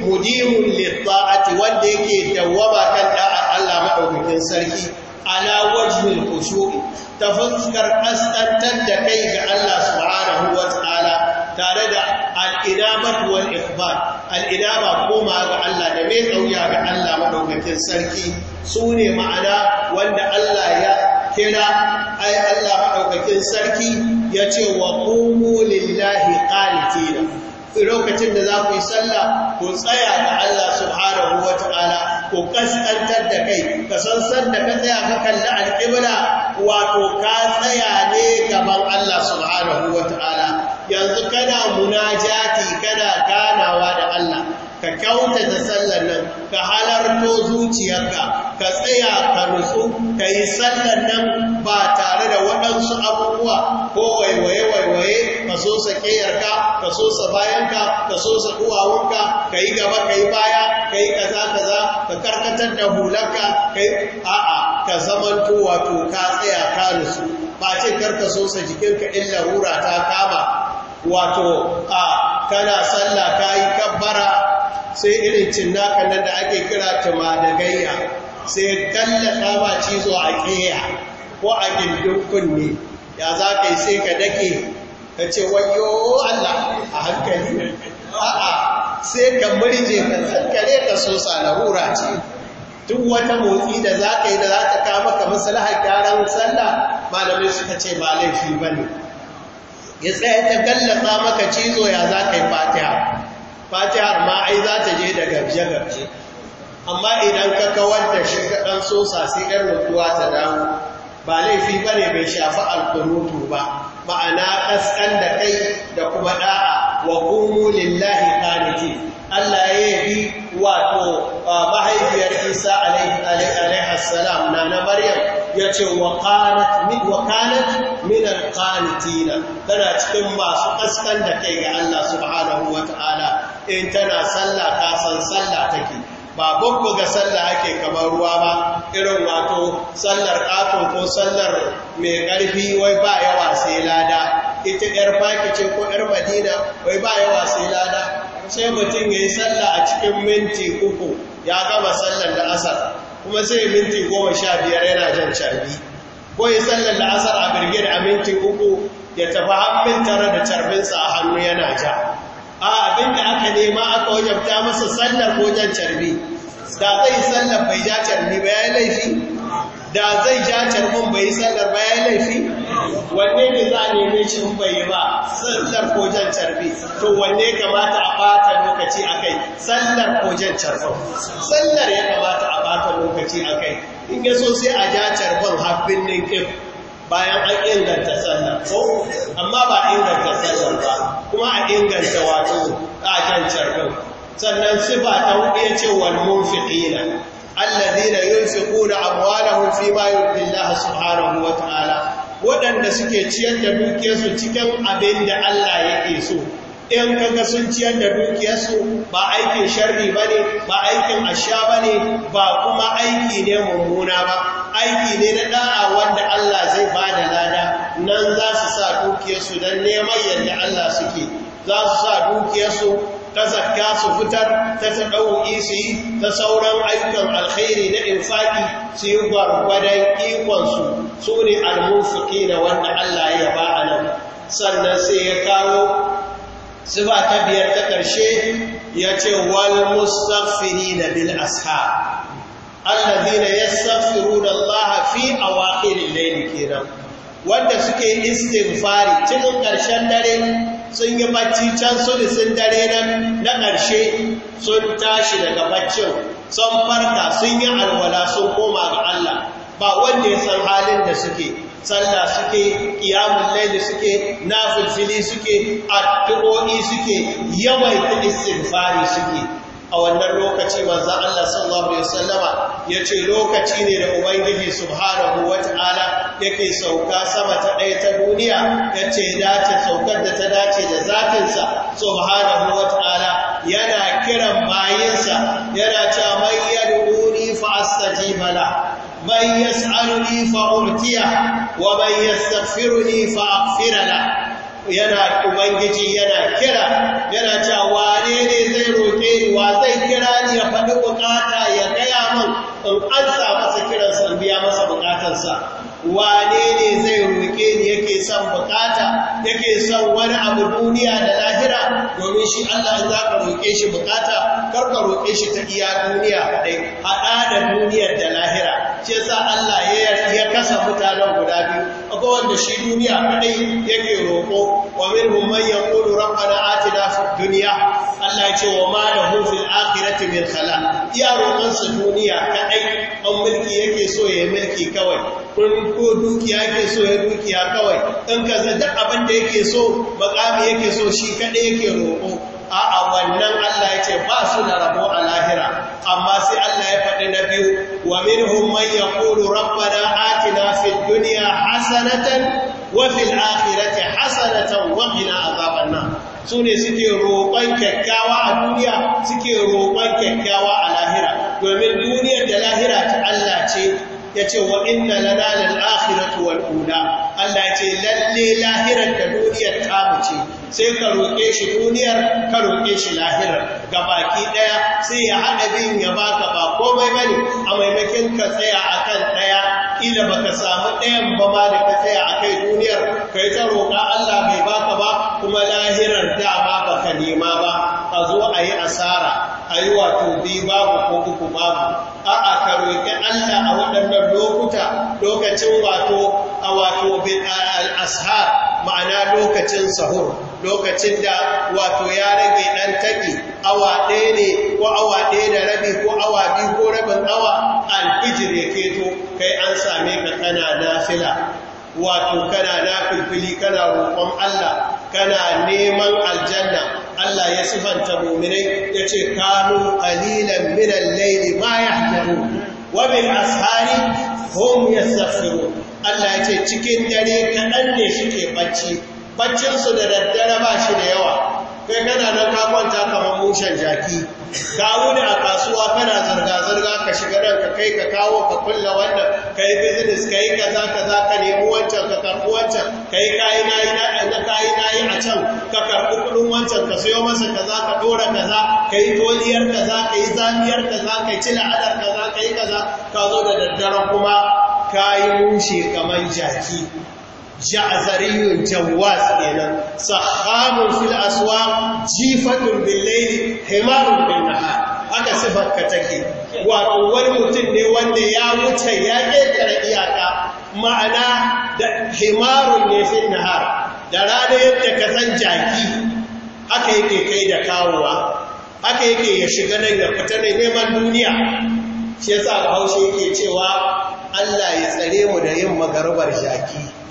mudirun litta'ati wanda yake dawwaba kan ɗa'ar Allah maɗaukakin sarki ala wajhul khushu'i ta fuskar kaskantar da kai ga Allah subhanahu wa ta'ala tare da al-inabatu wal ikhbar al koma ga Allah da mai ɗauya ga Allah madaukakin sarki sune ma'ana wanda Allah ya kira ai Allah maɗaukakin sarki ya ce wa ƙumu lillahi ƙanitina lokacin da za ku yi sallah ku tsaya da Allah subhanahu wa ta'ala ku kaskantar da kai ka san sanda ka tsaya ka kalli alƙibla wato ka tsaya ne gaban Allah subhanahu wa ta'ala yanzu kana munajati kana ganawa da Allah ka kyautata sallar nan ka halarto zuciyarka ka tsaya ka nutsu ka yi sallar nan ba tare da waɗansu abubuwa ko waiwaye-waiwaye ka so sa ƙeyarka ka so sa bayanka ka so sa kuwawunka ka yi gaba ka yi baya ka yi kaza-kaza ka karkatar da hularka ka yi a'a ka zamanto wato ka tsaya ka nutsu ba ce karka so sa jikinka in larura ta kama wato a kana sallah ka yi kabbara sai irin cinnaka nan da ake kira tuma da gayya sai tallata ma cizo a ƙeya ko a gindin kunne ya za ka yi sai ka dake ka ce wayo Allah a hankali a'a sai ka murje ka tsakkare ka so hura ce duk wata motsi da za ka yi da za ka kama ka maslahar gyaran sallah malamai suka ce ba laifi ba ne ya tsaye ta gallasa maka cizo ya za ka yi fatiha fatihar ma ai za ta je da gabje-gabje amma idan ka kawar da shi ka ɗan sosa sai ɗan rutuwa ta damu ba laifi ba ne bai shafi alkurutu ba ma'ana ƙasƙan da kai da kuma ɗa'a wa ƙumu lillahi ƙaniki Allah ya yabi wato mahaifiyar Isa alaihi salam na na Maryam ya ce wakanat min alƙanitina tana cikin masu ƙaskan da kai ga Allah subhanahu wa ta'ala in tana sallah ta san sallah take ba ga sallah ake kamar ruwa ba irin wato sallar ƙaton ko sallar mai ƙarfi wai ba yawa sai lada ita ƴar fakicin ko ƴar madina wai ba yawa sai lada sai mutum ya yi sallah a cikin minti uku ya gama sallar da asar kuma sai minti goma sha biyar yana jan carbi ko yi sallar da asar a birgin a minti uku ya tafi hannun tare da carbinsa a hannu yana ja a abinda aka nema aka wajabta masa sallar ko jan carbi da zai sallar bai ja carbi ba ya laifi da zai ja carbin bai sallar ba ya laifi wanne ne za a neme shi in bai ba sallar ko jan carbi to wanne kamata a fata lokaci a kai sallar ko jan carbin sallar ya kamata a fata lokaci a kai in ya so sai a ja carbin habbin kai bayan an inganta sannan ko amma ba inganta sannan ba kuma a inganta wato ƙaton carbin sannan sifa ta hudu ce wal munfiqina alladhina yunfiquna amwalahum fi ma su subhanahu wa ta'ala waɗanda suke ciyar da dukiyarsu cikin abin da Allah yake so in kaga sun ciyar da dukiyarsu ba aikin sharri ba ne ba aikin asha ba ne ba kuma aiki ne mummuna ba aiki ne na ɗa'a wanda Allah zai ba da lada nan za su sa dukiyarsu don neman yadda Allah suke za su sa dukiyarsu ta zakka su fitar ta taɗauki su yi ta sauran aikin alkhairi na infaki su yi gwargwadon ikonsu su ne almufuki na wanda Allah ya ba a nan sannan sai ya kawo sifa ta biyar ta ƙarshe ya ce wal mustafiri na bil ya safiru da Allah fi awakhiril laini kenan wanda suke istinfari cikin ƙarshen dare sun yi bacci can sulu sun dare nan na ƙarshe sun tashi daga baccin sun farka sun yi alwala sun koma ga Allah ba wanda ya san halin da suke sallah suke qiyamul layl suke nafilfili suke addu'o'i suke yawai yawaita istighfari suke a wannan lokaci manzo Allah sallallahu alaihi wasallama yace lokaci ne da ubangiji subhanahu wataala yake sauka sama ta ɗaya ta duniya yace dace saukar da ta dace da zatinsa subhanahu wataala yana kiran bayinsa yana ta yaduni fa astajiba lahu من يسألني فأعطيه ومن يستغفرني فأغفر له yana ubangiji yana kira yana cewa wane ne zai roƙe ni wa zai kira ni ya faɗi bukata ya gaya min in ansa masa kiran sa biya masa bukatarsa wane ne zai roƙe ni yake son bukata yake son wani abu duniya da lahira domin shi Allah in za roke shi bukata kar ka roƙe shi ta iya duniya kaɗai haɗa da duniyar da lahira ce sa Allah ya kasa mutanen guda biyu akwai wanda shi duniya kadai yake roƙo wa minhum man yaqulu rabbana atina fid duniya, Allah ya ce wa ma lahu fil akhirati min khala iya roƙon duniya kaɗai an mulki yake so ya yi mulki kawai kun ko dukiya yake so ya dukiya kawai ɗan kaza duk abin da yake so makami yake so shi kadai yake roƙo a'a wannan Allah ya ce ba su da rabo a lahira amma sai Allah ya faɗi na biyu wa minhum man yaqulu rabbana atina fid dunya hasanatan wa fil akhirati hasanatan wa qina azaban nar sune suke roƙon kyakkyawa a duniya suke roƙon kyakkyawa a lahira domin duniyar da lahira ta Allah ce ya ce wa inna lana lal akhiratu wal ula Allah ya ce lalle lahirar da duniyar ta ce sai ka roƙe shi duniyar ka roƙe shi lahirar ga baki ɗaya sai ya haɗa bin ya ka ba komai bane a maimakin ka tsaya a kan ɗaya ila ba ka samu ɗayan ba ma da ka tsaya a kai duniyar Ka yi ta roƙa Allah bai baka ba kuma lahirar dama baka nema ba a zo a yi asara a yi wato biyu babu ko uku babu a'a ka roƙi Allah a waɗannan lokuta lokacin wato a wato bin ashar ma'ana lokacin sahur lokacin da wato ya rage ɗan taƙi awa ɗaya ne ko awa ɗaya da rabi ko awa biyu ko rabin awa alfijir ya keto kai an same ka kana nafila wato kana nafilfili kana roƙon Allah kana neman aljanna Allah ya sifanta muminai ya ce kanu alilan minan laili ma ya wa bil ashari hum yastaghfirun Allah ya ce cikin dare kaɗan ne ke bacci baccinsu da daddare ba shi da yawa kai kana nan ka kwanta kamar mushen jaki ka wuni a kasuwa kana zirga-zirga ka shiga da ka kai ka kawo ka kulla wannan ka yi business ka yi kaza kaza ka nemi wancan ka karɓi wancan ka yi kayi na yi na kayi na yi a can ka karɓi kuɗin wancan ka sayo masa kaza ka ɗora kaza ka yi toliyar kaza ka yi zamiyar kaza ka yi cila adar kaza ka yi kaza ka zo da daddare kuma ka yi mushe kamar jaki ja'zariyun jawaz kenan sahamun fil aswaq jifatun bil layli himarun bin nahar aka sifar ka take wato wani mutum ne wanda ya wuce ya ƙetare iyaka ma'ana da himarun ne fil nahar da rana yadda ka san jaki haka yake kai da kawowa haka yake ya shiga nan ya fita ne neman duniya shi yasa bahaushe yake cewa Allah ya tsare mu da yin magarubar jaki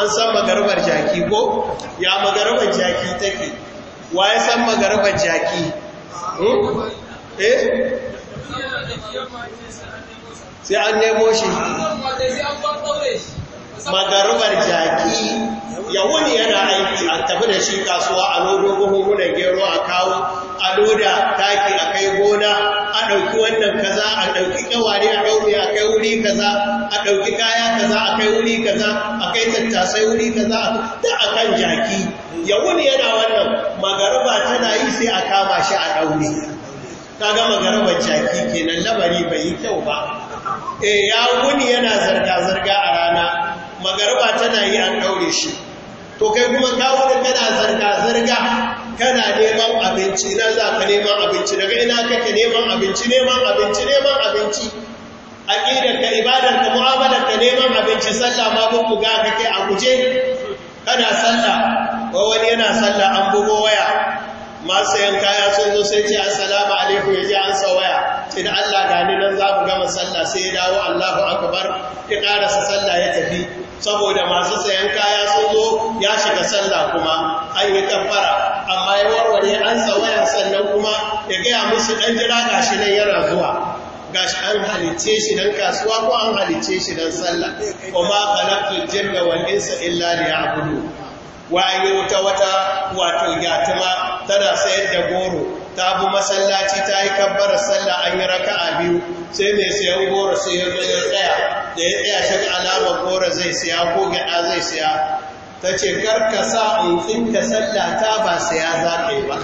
an san magarbar jaki ko ya magarbar jaki take wa ya san magarbar jaki hmm? eh sai an nemo shi magarbar jaki ya wuni yana aiki a tafi da shi kasuwa a lodo buhunan gero a kawo a loda taki a kai gona a ɗauki wannan kaza a ɗauki ƙawari a ɗaure a kai wuri kaza a ɗauki kaya kaza a kai wuri kaza a kai tattasai wuri kaza da a kan jaki ya wuni yana wannan magaraba tana yi sai a kama shi a ɗaure ga magarabar jaki kenan labari bai yi kyau ba eh ya wuni yana zarga-zarga a rana magaraba tana yi an ɗaure shi to kai kuma kawo kana zarga-zarga kana neman abinci na za ka neman abinci daga ina kake neman abinci neman abinci neman abinci A ka ibadarka mu'amalarka neman abinci sallah ma ga ka kake a guje kana sallah ko wani yana sallah an bugo waya masu yan kaya sun zo sai ce assalamu alaikum ya ji an sa waya ce da Allah gani nan za mu gama sallah sai ya dawo Allahu akbar ya karasa sallah ya tafi saboda masu sayan kaya sun zo ya shiga sallah kuma an yi kafara amma ya warware an tsawaya sannan kuma ya gaya musu ɗan jira gashi nan yana zuwa gashi an halice shi dan kasuwa ko an halice shi dan sallah kuma khalaqtul jinna wal insa illa gudu. wayo wuta wata wato yatima tana sayar da goro ta bu masallaci ta yi kabbarar sallah an yi raka'a biyu sai mai sayan goro sai ya ya tsaya da ya tsaya shi alamar goro zai siya ko gyaɗa zai siya ta ce karka sa in da sallah ta ba siya za ka yi ba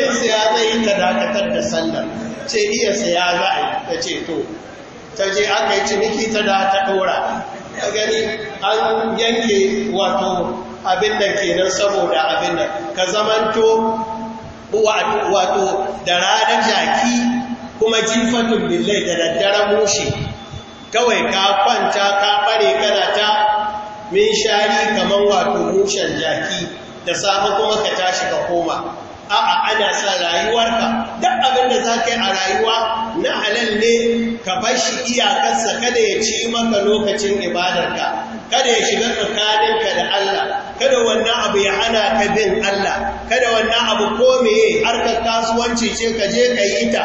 in siya zai yi ta dakatar da sallah, ce iya siya za a yi ta ce to ta je aka yi ciniki ta da ta ɗora a gani an yanke wato abin da kenan saboda abin da ka zamanto wato da ranar jaki kuma jifatun billai da daddare mushe kawai ka kwanta ka bare kana ta min shari kamar wato mushen jaki da safe kuma ka tashi ka koma a'a ana sa rayuwarka duk abin da za ka yi a rayuwa na halal ne ka bar shi iyakarsa kada ya ci maka lokacin ibadarka kada ya shiga tsakaninka da Allah kada wannan abu ya hana ka bin Allah kada wannan abu ko meye harkar kasuwanci ce ka je ka yi ta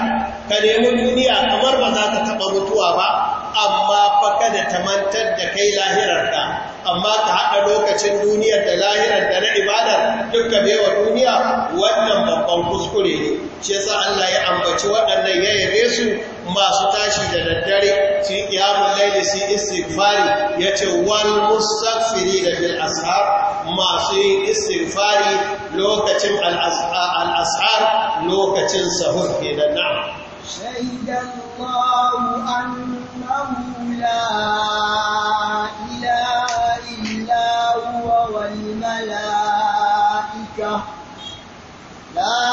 ka nemi duniya kamar ba za ka taɓa mutuwa ba amma fa kada ta mantar da kai lahirarka amma ka haɗa lokacin duniyar da lahirar da na ibadar duka baiwa duniya wannan babban kuskure ne shi yasa Allah ya ambaci waɗannan ya su masu tashi da daddare su yamun kiyamun laili su istighfari ya ce wal musafiri da bil ashar masu yin istighfari lokacin al-ashar lokacin sahur kenan na'am Allah لا إله إلا هو والملائكة لا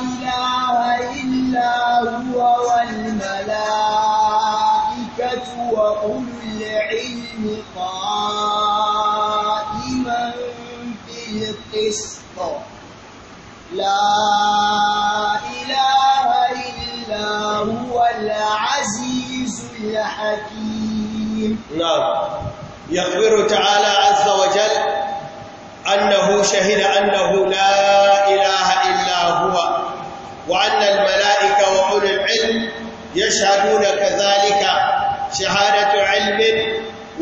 إله إلا هو والملائكة وأولو العلم قائما بالقسط لا إله إلا هو العزيز لحكيم نعم يخبر تعالى عز وجل أنه شهد أنه لا إله إلا هو وأن الملائكة وأولي العلم يشهدون كذلك شهادة علم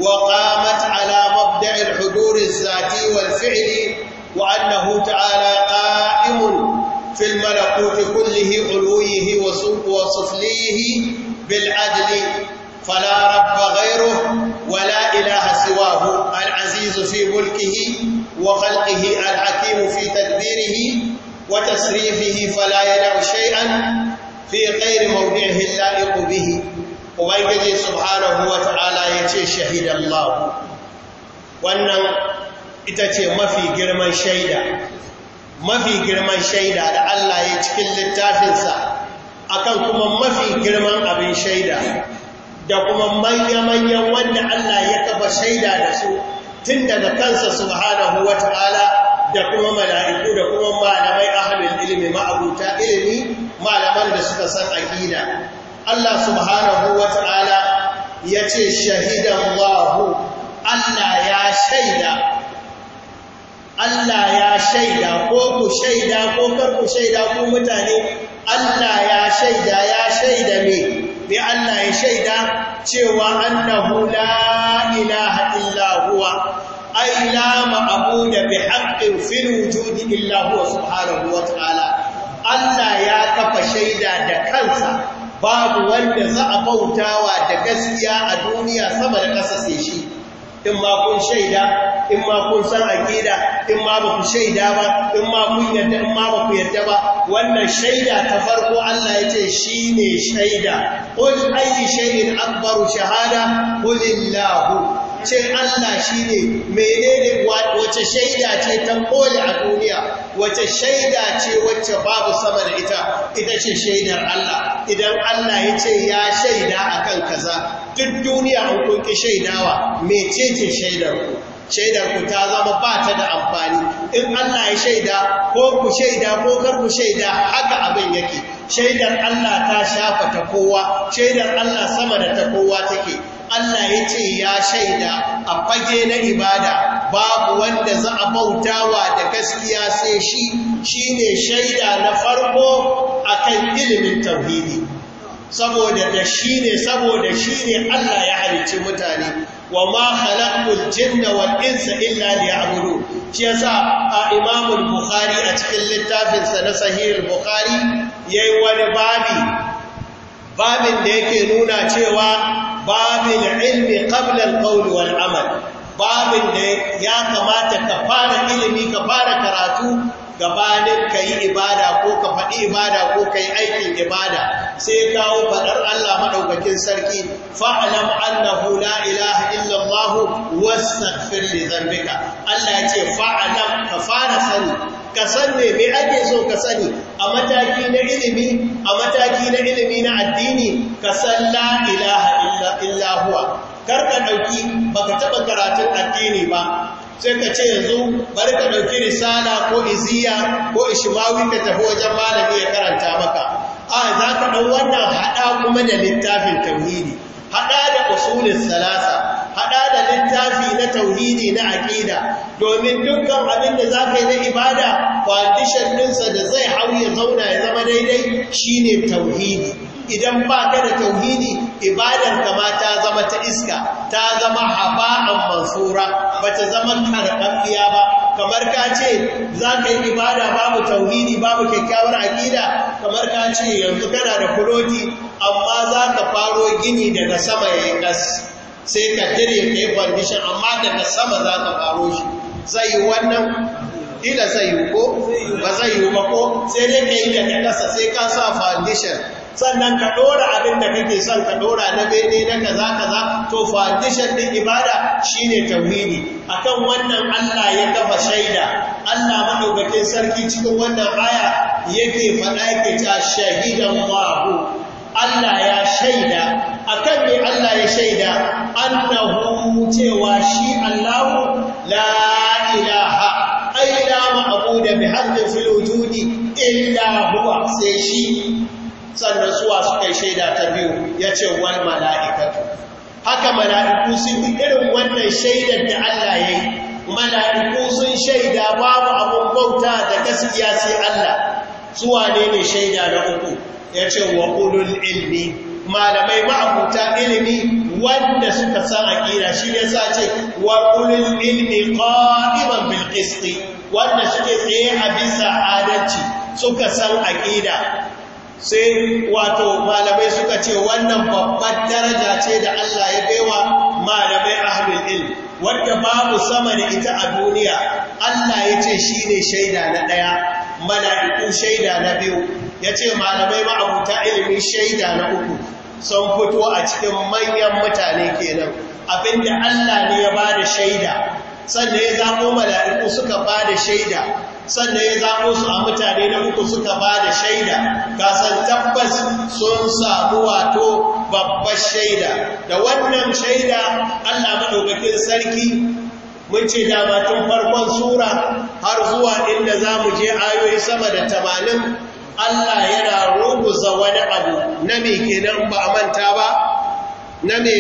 وقامت على مبدأ الحضور الذاتي والفعلي وأنه تعالى قائم في الملكوت كله علويه وسفليه بالعدل فلا رب غيره ولا إله سواه العزيز في ملكه وخلقه الحكيم في تدبيره وتصريفه فلا يدع شيئا في غير موضعه اللائق به ubangiji subhanahu wata'ala ya ce shahidan wannan ita ce mafi girman shaida mafi girman shaida da Allah ya cikin littafinsa akan kuma mafi girman abin shaida da kuma manya-manyan wanda Allah ya kafa shaida da su tun daga kansa subhanahu wata'ala da kuma mala'iku da kuma malamai ahlul ilmi ma'abuta ilimi malaman da suka san aqida Allah subhanahu wata'ala yace shahidallahu Allah ya shaida Allah ya shaida ko ku shaida ko kar ku shaida ku mutane Allah ya shaida ya shaida me bi Allah ya shaida cewa annahu la ilaha illa huwa ay la ma'budu bi haqqin fil wujudi illa huwa subhanahu wa ta'ala Allah ya kafa shaida da kansa babu wanda za a bautawa da gaskiya a duniya sama da sai shi in ma kun shaida in ma kun san aqida in ma ba ku shaida ba in ma kun yarda in ma ba ku ba wannan shaida ta farko Allah yace shine shaida qul ayyi shay'in akbaru shahada qulillahu ce Allah shi ne menene wace shaida ce ta koli a duniya wace shaida ce wacce babu sama da ita ita ce shaidar Allah idan Allah ya ce ya shaida akan kaza duk duniya an kunki shaidawa ce shaidar ku shaidar ku ta zama ba ta da amfani in Allah ya shaida ko ku shaida ko kar ku shaida haka abin yake shaidar Allah ta shafa ta kowa shaidar Allah sama da ta kowa take Allah ya ce ya shaida a fage na ibada babu wanda za a bautawa da gaskiya sai shi shi ne shaida na farko a kan ilimin tauhidi saboda da shi ne saboda shi ne Allah ya halicci mutane wa ma halakul jinna wal insa illa liya'budun shi yasa a Imam bukhari a cikin littafinsa na Sahih al-Bukhari yayi wani babi babin da yake nuna cewa babin ilmi qabla al-qawl wal amal babin da ya kamata ka fara ilimi ka fara karatu gabanin ka yi ibada ko ka faɗi ibada ko ka yi aikin ibada sai kawo faɗar Allah maɗaukakin sarki fa'alam annahu la ilaha illallahu wasu firli zambika Allah ya ce fa'alam ka fara sani ka san mai me ake so ka sani a mataki na ilimi a mataki na ilimi na addini ka san la ilaha illa huwa kar ka dauki baka taba karatun addini ba sai ka ce yanzu bari ka dauki risala ko iziya ko ishmawi ka tafi wajen malami ya karanta maka a za ka dau wannan hada kuma da littafin tauhidi hada da usulin salasa Haɗa da littafi na tauhidi na aqida domin dukkan abin da zaka yi na ibada foundation ɗinsa da zai hau zauna ya zama daidai shine tauhidi idan ba ka da tauhidi ibadar kama ta zama ta iska ta zama haba'an mansura bata zama karɓaɓɓiya ba kamar ka ce za ka yi ibada babu tauhidi babu kyakkyawar aƙida kamar ka ce yanzu kana da kuloti amma za ka faro gini daga sama ya yi ƙas sai ka dire ka yi kwandishin amma daga sama za ka faro shi zai yi wannan ila zai yi ko ba zai yi ba ko sai dai ka yi daga ƙasa sai ka sa foundation sannan ka ɗora abin da kake son ka ɗora na bene na kaza kaza to foundation ɗin ibada shine tauhidi akan wannan Allah ya kafa shaida Allah madaukakin sarki cikin wannan aya yake faɗa yake ta shahidan Allahu Allah ya shaida akan ne Allah ya shaida an na cewa shi Allahu la'ilaha, ilaha illa da bi haqqin fil wujudi illa huwa sai shi sannan suwa suka shaida ta biyu yace wal mala'ikatu haka mala'iku sun yi irin wannan shaidar da Allah ya yi mala'iku sun shaida babu abun bauta da gaskiya sai Allah suwa ne ne shaida na uku ya ce wa ilmi malamai ma'abuta ilimi wanda suka san aƙira shi ne sa ce wa ilmi ƙa'iban bil wanda suke tsaye a bisa adalci suka san aƙida sai wato malamai suka ce wannan babbar daraja ce da Allah ya baiwa malamai ahlul ilm wanda babu sama da ita a duniya Allah ya ce shi ne shaida na ɗaya. mala'iku shaida na biyu ya ce malamai ma'abuta ilimin shaida na uku sun fito a cikin manyan mutane kenan abinda Allah ne ya ba da shaida sannan ya zaɓo mala'iku suka ba da shaida sannan ya zaɓo su a mutane na uku suka ba da shaida kasan tabbas sun samu wato babbar shaida da wannan shaida Allah maɗaukakin sarki mun ce dama tun farkon sura har zuwa inda za mu je ayoyi sama da tamanin Allah yana ruguza wani abu na me kenan ba a manta ba na me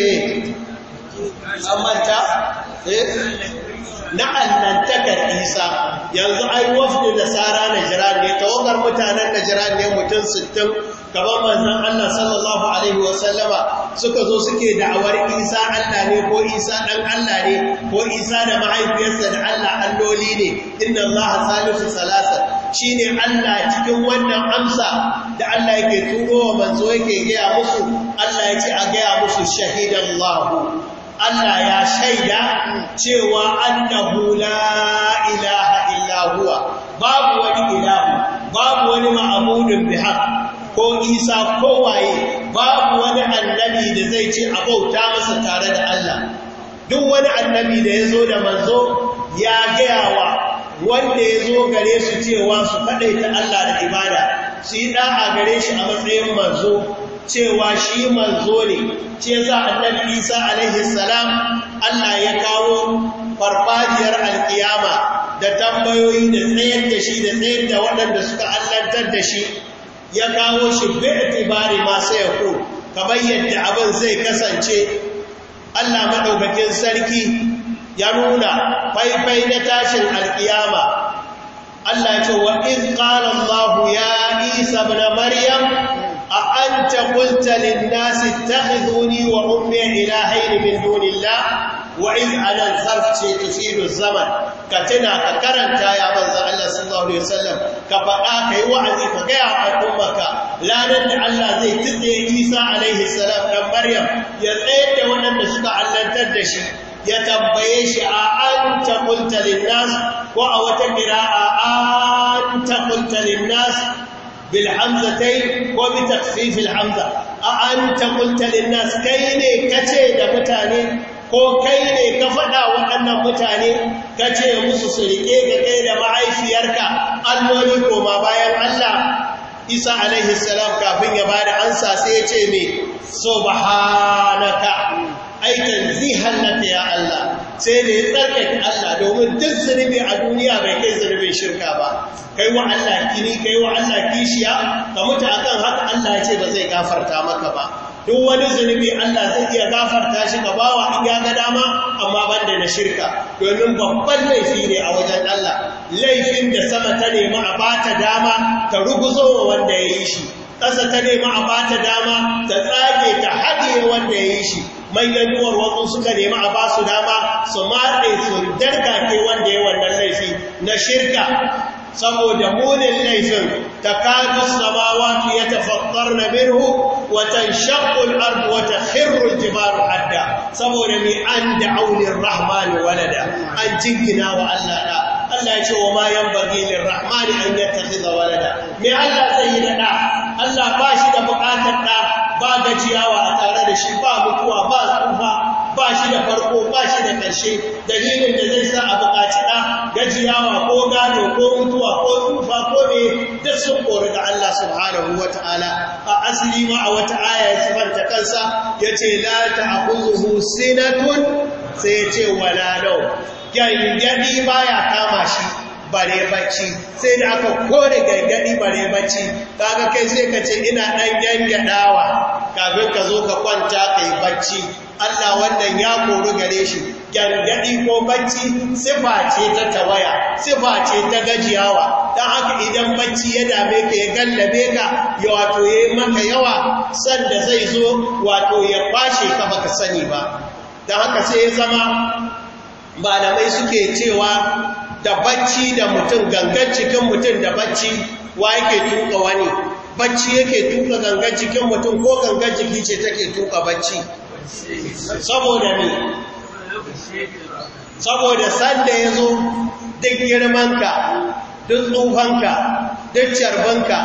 an manta eh? na annantakar isa yanzu ai wasu da tsara na jiran ne tawagar mutanen na jiran ne mutum sittin kamar manzan Allah sallallahu Alaihi wasallama suka zo suke da'awar isa Allah ne ko isa ɗan Allah ne ko isa da mahaifiyarsa da Allah alloli ne Inda Allah salisu salasa shi ne Allah cikin wannan amsa da Allah yake turo wa manzo yake gaya musu Allah ya ce a gaya musu shahidan lahu Allah ya shaida cewa annahu la ilaha illa huwa babu wani ilahu babu wani ma'amudin bihaq ko isa ko waye babu wani annabi da zai ce a bauta masa tare da Allah duk wani annabi da ya zo da manzo ya gayawa wanda ya zo gare su cewa su faɗai ta Allah da ibada su yi ɗa'a gare shi a matsayin manzo cewa shi manzo ne ce za annabi isa alaihi salam Allah ya kawo farfajiyar alkiyama da tambayoyi da tsayar da shi da tsayar da waɗanda suka allantar da shi ya kawo shi itibari ma sai ya ku kamar yadda abin zai kasance Allah madaukakin sarki ya nuna faifai na tashin alkiyama Allah ya ce wa iz qala Allah ya Isa ibn Maryam a anta qulta lin nasi ittakhizuni wa ummi ilahayn min dunillah wa in ana zarce tusiru zaman ka tana ka karanta ya manzo Allah sallallahu alaihi wasallam ka faɗa kai wa'azi ka ga ya ummaka lanan da Allah zai tsaye Isa alaihi salam da Maryam ya tsaye da waɗanda suka allantar da shi ya tambaye shi a anta qulta linnas ko a wata qira'a a anta qulta linnas bil hamzatayn wa bi takhfif al hamza a anta qulta linnas kai ne kace da mutane ko kai ne ka faɗa waɗannan mutane ka ce musu su riƙe ga kai da mahaifiyarka alloli koma bayan Allah Isa alaihi salam kafin ya bada ansa sai ya ce me subhanaka aikin tanzihan laka ya Allah sai ne tsarkake Allah domin duk zunubi a duniya bai kai zunubin shirka ba kai wa Allah kini kai wa Allah kishiya ka mutu akan haka Allah ya ce ba zai gafarta maka ba duk wani zunubi Allah zai iya gafarta shi ga bawa in ya ga dama amma banda na shirka domin babban laifi ne a wajen Allah laifin da sama ta nemi a bata dama ta ruguzo wa wanda ya yi shi ƙasa ta nemi a bata dama ta tsage ta haɗe wanda ya yi shi manyan duwar wasu suka nemi a basu dama su matse su darka ke wanda ya wannan laifi na shirka saboda munin laifin ta kada samawa ya tafattar na birhu watan shakul ardu wata hirrul jibaru hadda saboda mai an da aunin rahmani walada an jingina wa Allah da Allah ya ce wa ma yan bagilin rahmani an ya tafi da walada mai Allah zai yi ɗa Allah ba shi da buƙatar ɗa ba gajiyawa a tare da shi ba mutuwa ba tsufa ba shi da farko ba shi da ƙarshe dalilin da zai sa a buƙaci ɗa gajiyawa ko gane ko mutuwa ko tsufa ko ne duk sun kori da Allah subhanahu wa ta'ala a asali ma a wata aya ya sifanta kansa ya ce la ta'khudhuhu sinatun sai ya ce wala nau ba ya kama shi bare bacci sai da aka kore gargaɗi bare bacci kaga kai sai ka ce ina ɗan gyangyadawa kafin ka zo ka kwanta kai bacci Allah wannan ya koru gare shi gargadi ko bacci sifa ce ta tawaya sifa ce ta gajiyawa dan haka idan bacci ya dame ka ya gallabe ka ya wato ya yi maka yawa sanda zai zo wato ya kwashe ka baka sani ba dan haka sai ya zama malamai suke cewa da bacci da mutum gangan cikin mutum da bacci wa yake tuka wani bacci yake tuka gangan cikin mutum ko gangan jiki ce take tuka bacci saboda ne saboda sanda ya zo duk girmanka duk tsufanka duk carbanka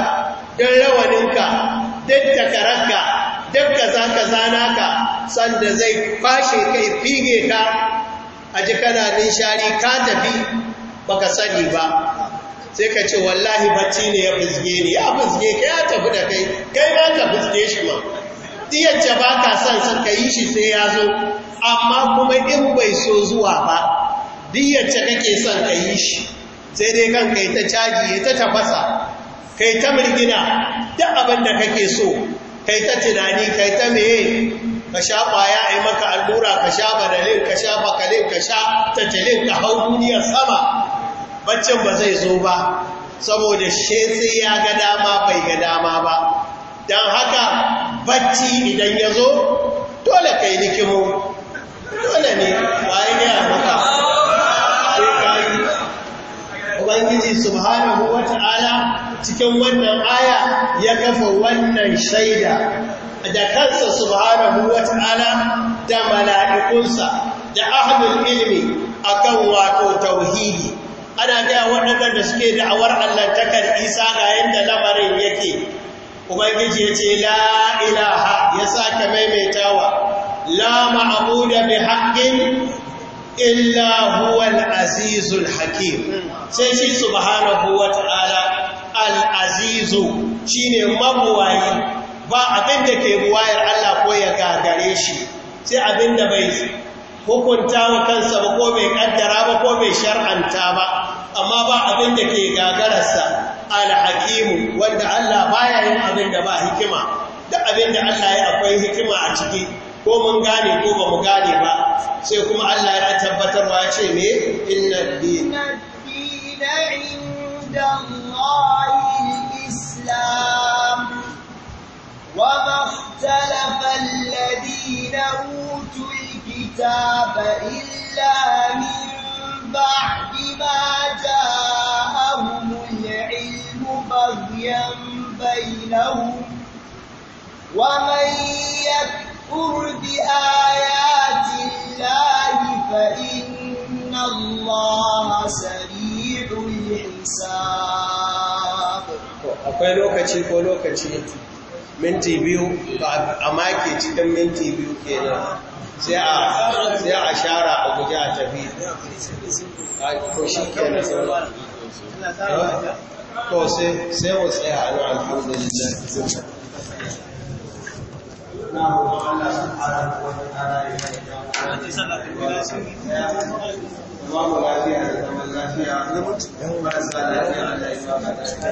duk rawaninka duk takararka duk kaza kaza naka sanda zai fashe kai fige ka a ji kana nishari ka tafi baka sani ba sai ka ce wallahi bacci ne ya fizge ni. ya fizge ka ya tafi da kai kai ma ka fizge shi ma diyacce ba ka son san ka yi shi sai ya zo amma kuma in bai so zuwa ba ka kake son ka yi shi sai dai kan ka yi ta caji ya ta tafasa Ka yi ta mulgina ta abin da kake so ka yi ta tunani ka yi ta meye ka sha ƙwaya a yi maka allura ka sha banalin ka sha bakalin ka sha tattalin ka hau duniyar sama baccin ba zai zo ba saboda shi sai ya ga dama bai ga dama ba don haka bacci idan ya zo dole ka yi likimo dole ne bayan yana maka Ubangiji subhanahu wa ta'ala cikin wannan aya ya kafa wannan shaida da kansa subhanahu wa ta'ala da mala'ikunsa da ahlul ilmi akan wato tauhidi ana gaya waɗanda suke da da'awar allahntakar isa ga da lamarin yake ubangiji ya ce la ilaha ya sake maimaitawa la ma'abuda bi haqqin illa huwa azizul hakim sai shi subhanahu wa ta'ala al-azizu shine mabuwayi ba abin da ke buwayar Allah ko ya gagare shi sai abin da bai hukunta wa kansa ba ko bai ƙaddara ba ko bai shar'anta ba amma ba abin da ke gagararsa al wanda Allah baya yin abin da ba hikima da abin da Allah ya akwai hikima a ciki ko mun gane ko ba mu gane ba sai kuma Allah ya tabbatar wa ce me inna din وما اختلف الذين أوتوا الكتاب إلا بعد ما جاءهم العلم بغيا بينهم ومن يكفر بآيات الله فإن الله سريع الحساب akwai lokaci ko lokaci minti biyu a make cikin minti biyu nan sai a shara a guje a tafi a koshi ke to sai wa a Allah subhanahu wa ta'ala ya yi lafiya da zaman lafiya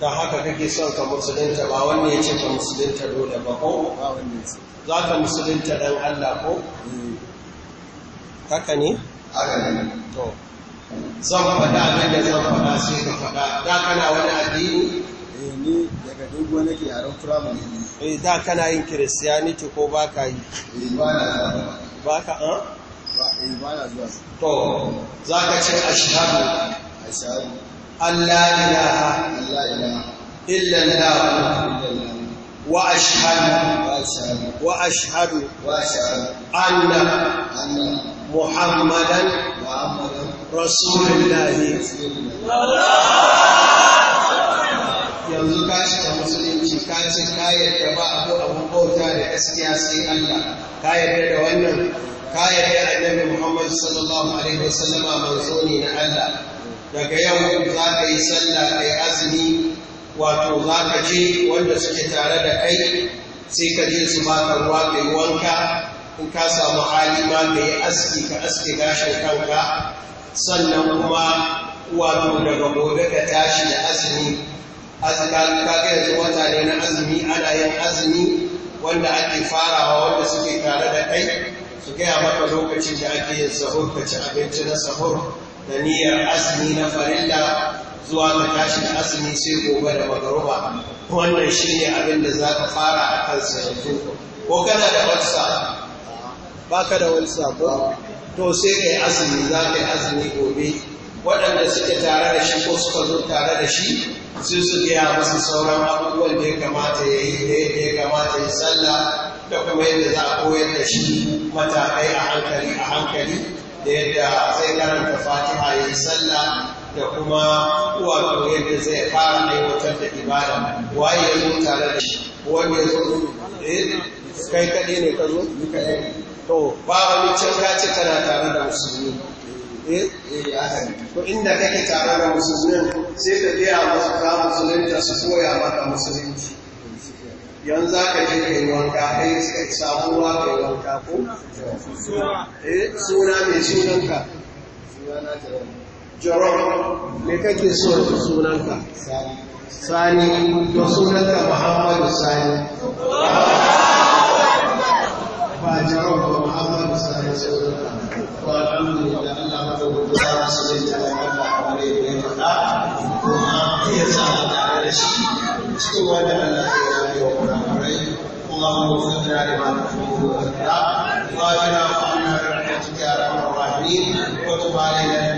da haka kake son ka musulunta ba wanda ya ce ka musulunta dole ba ko za ka musulunta dan Allah ko eh. haka ne haka ne to zan faɗa abin da zan faɗa sai ka faɗa da kana wani addini eh ni daga dogo ke yaron firamare eh da kana yin kiristiyaniti ko ba ka yi eh, ba ka an ah? ba eh ba na zuwa to za ka ce ashhadu ashhadu Allah ilaha illa Allah wa ashhadu wa ashhadu anna Muhammadan Rasulullah yanzu ka shiga musulunci ka ce ka yadda ba abu abun bauta da gaskiya sai Allah ka yadda da wannan ka yadda annabi Muhammad sallallahu alaihi wasallam manzo ne na Allah daga yau za ka yi sallah ka yi azumi wato za ka je wanda suke tare da kai sai ka je su ka ruwa ka wanka in ka samu hali ma ka yi aski ka aske gashin kanka sannan kuma wato daga gobe ka tashi da azumi azumi ka ga yanzu wata ne na azumi ana yin azumi wanda ake farawa wanda suke tare da kai su gaya maka lokacin da ake yin sahur ka ci abinci na sahur da niyyar azumi na farilla zuwa ga tashin azumi sai gobe da magaruba wannan shi ne abin da za ka fara a kan yanzu ko kana da walsa ba ka da walsa ba. to sai ka yi azumi za ka yi azumi gobe waɗanda suke tare da shi ko suka zo tare da shi sai su gaya masu sauran abubuwan da ya kamata ya yi da ya kamata ya sallah da kuma yadda za a koyar da shi matakai a hankali a hankali da yadda zai karanta fatiha ya yi sallah da kuma wato yadda zai fara aiwatar da ibada waye ya zo tare da shi wanda ya zo eh kai kaɗai ne ka zo to ba wani can ka ce kana tare da musulmi eh, eh to inda kake tare da musulmi sai ka biya musu ka musulunta su koya maka musulunci yanzu za ka je ka yi wanka kai suka samu ruwa ka yi wanka ko? eh suna mai sunanka jaron me kake so da sunanka sani Sani. to sunanka muhammadu sani ba jaron ba muhammadu sani sunanka ba da Allah ma da wata za su zai ta yi wanda a wani ya faɗa kuma ya sa tare da shi cikin wanda Allah ya الله وبركاته عليه اللهم وفقنا لما تحبه وترضاه واجعلنا وارحمنا برحمتك يا ارحم الراحمين وتب علينا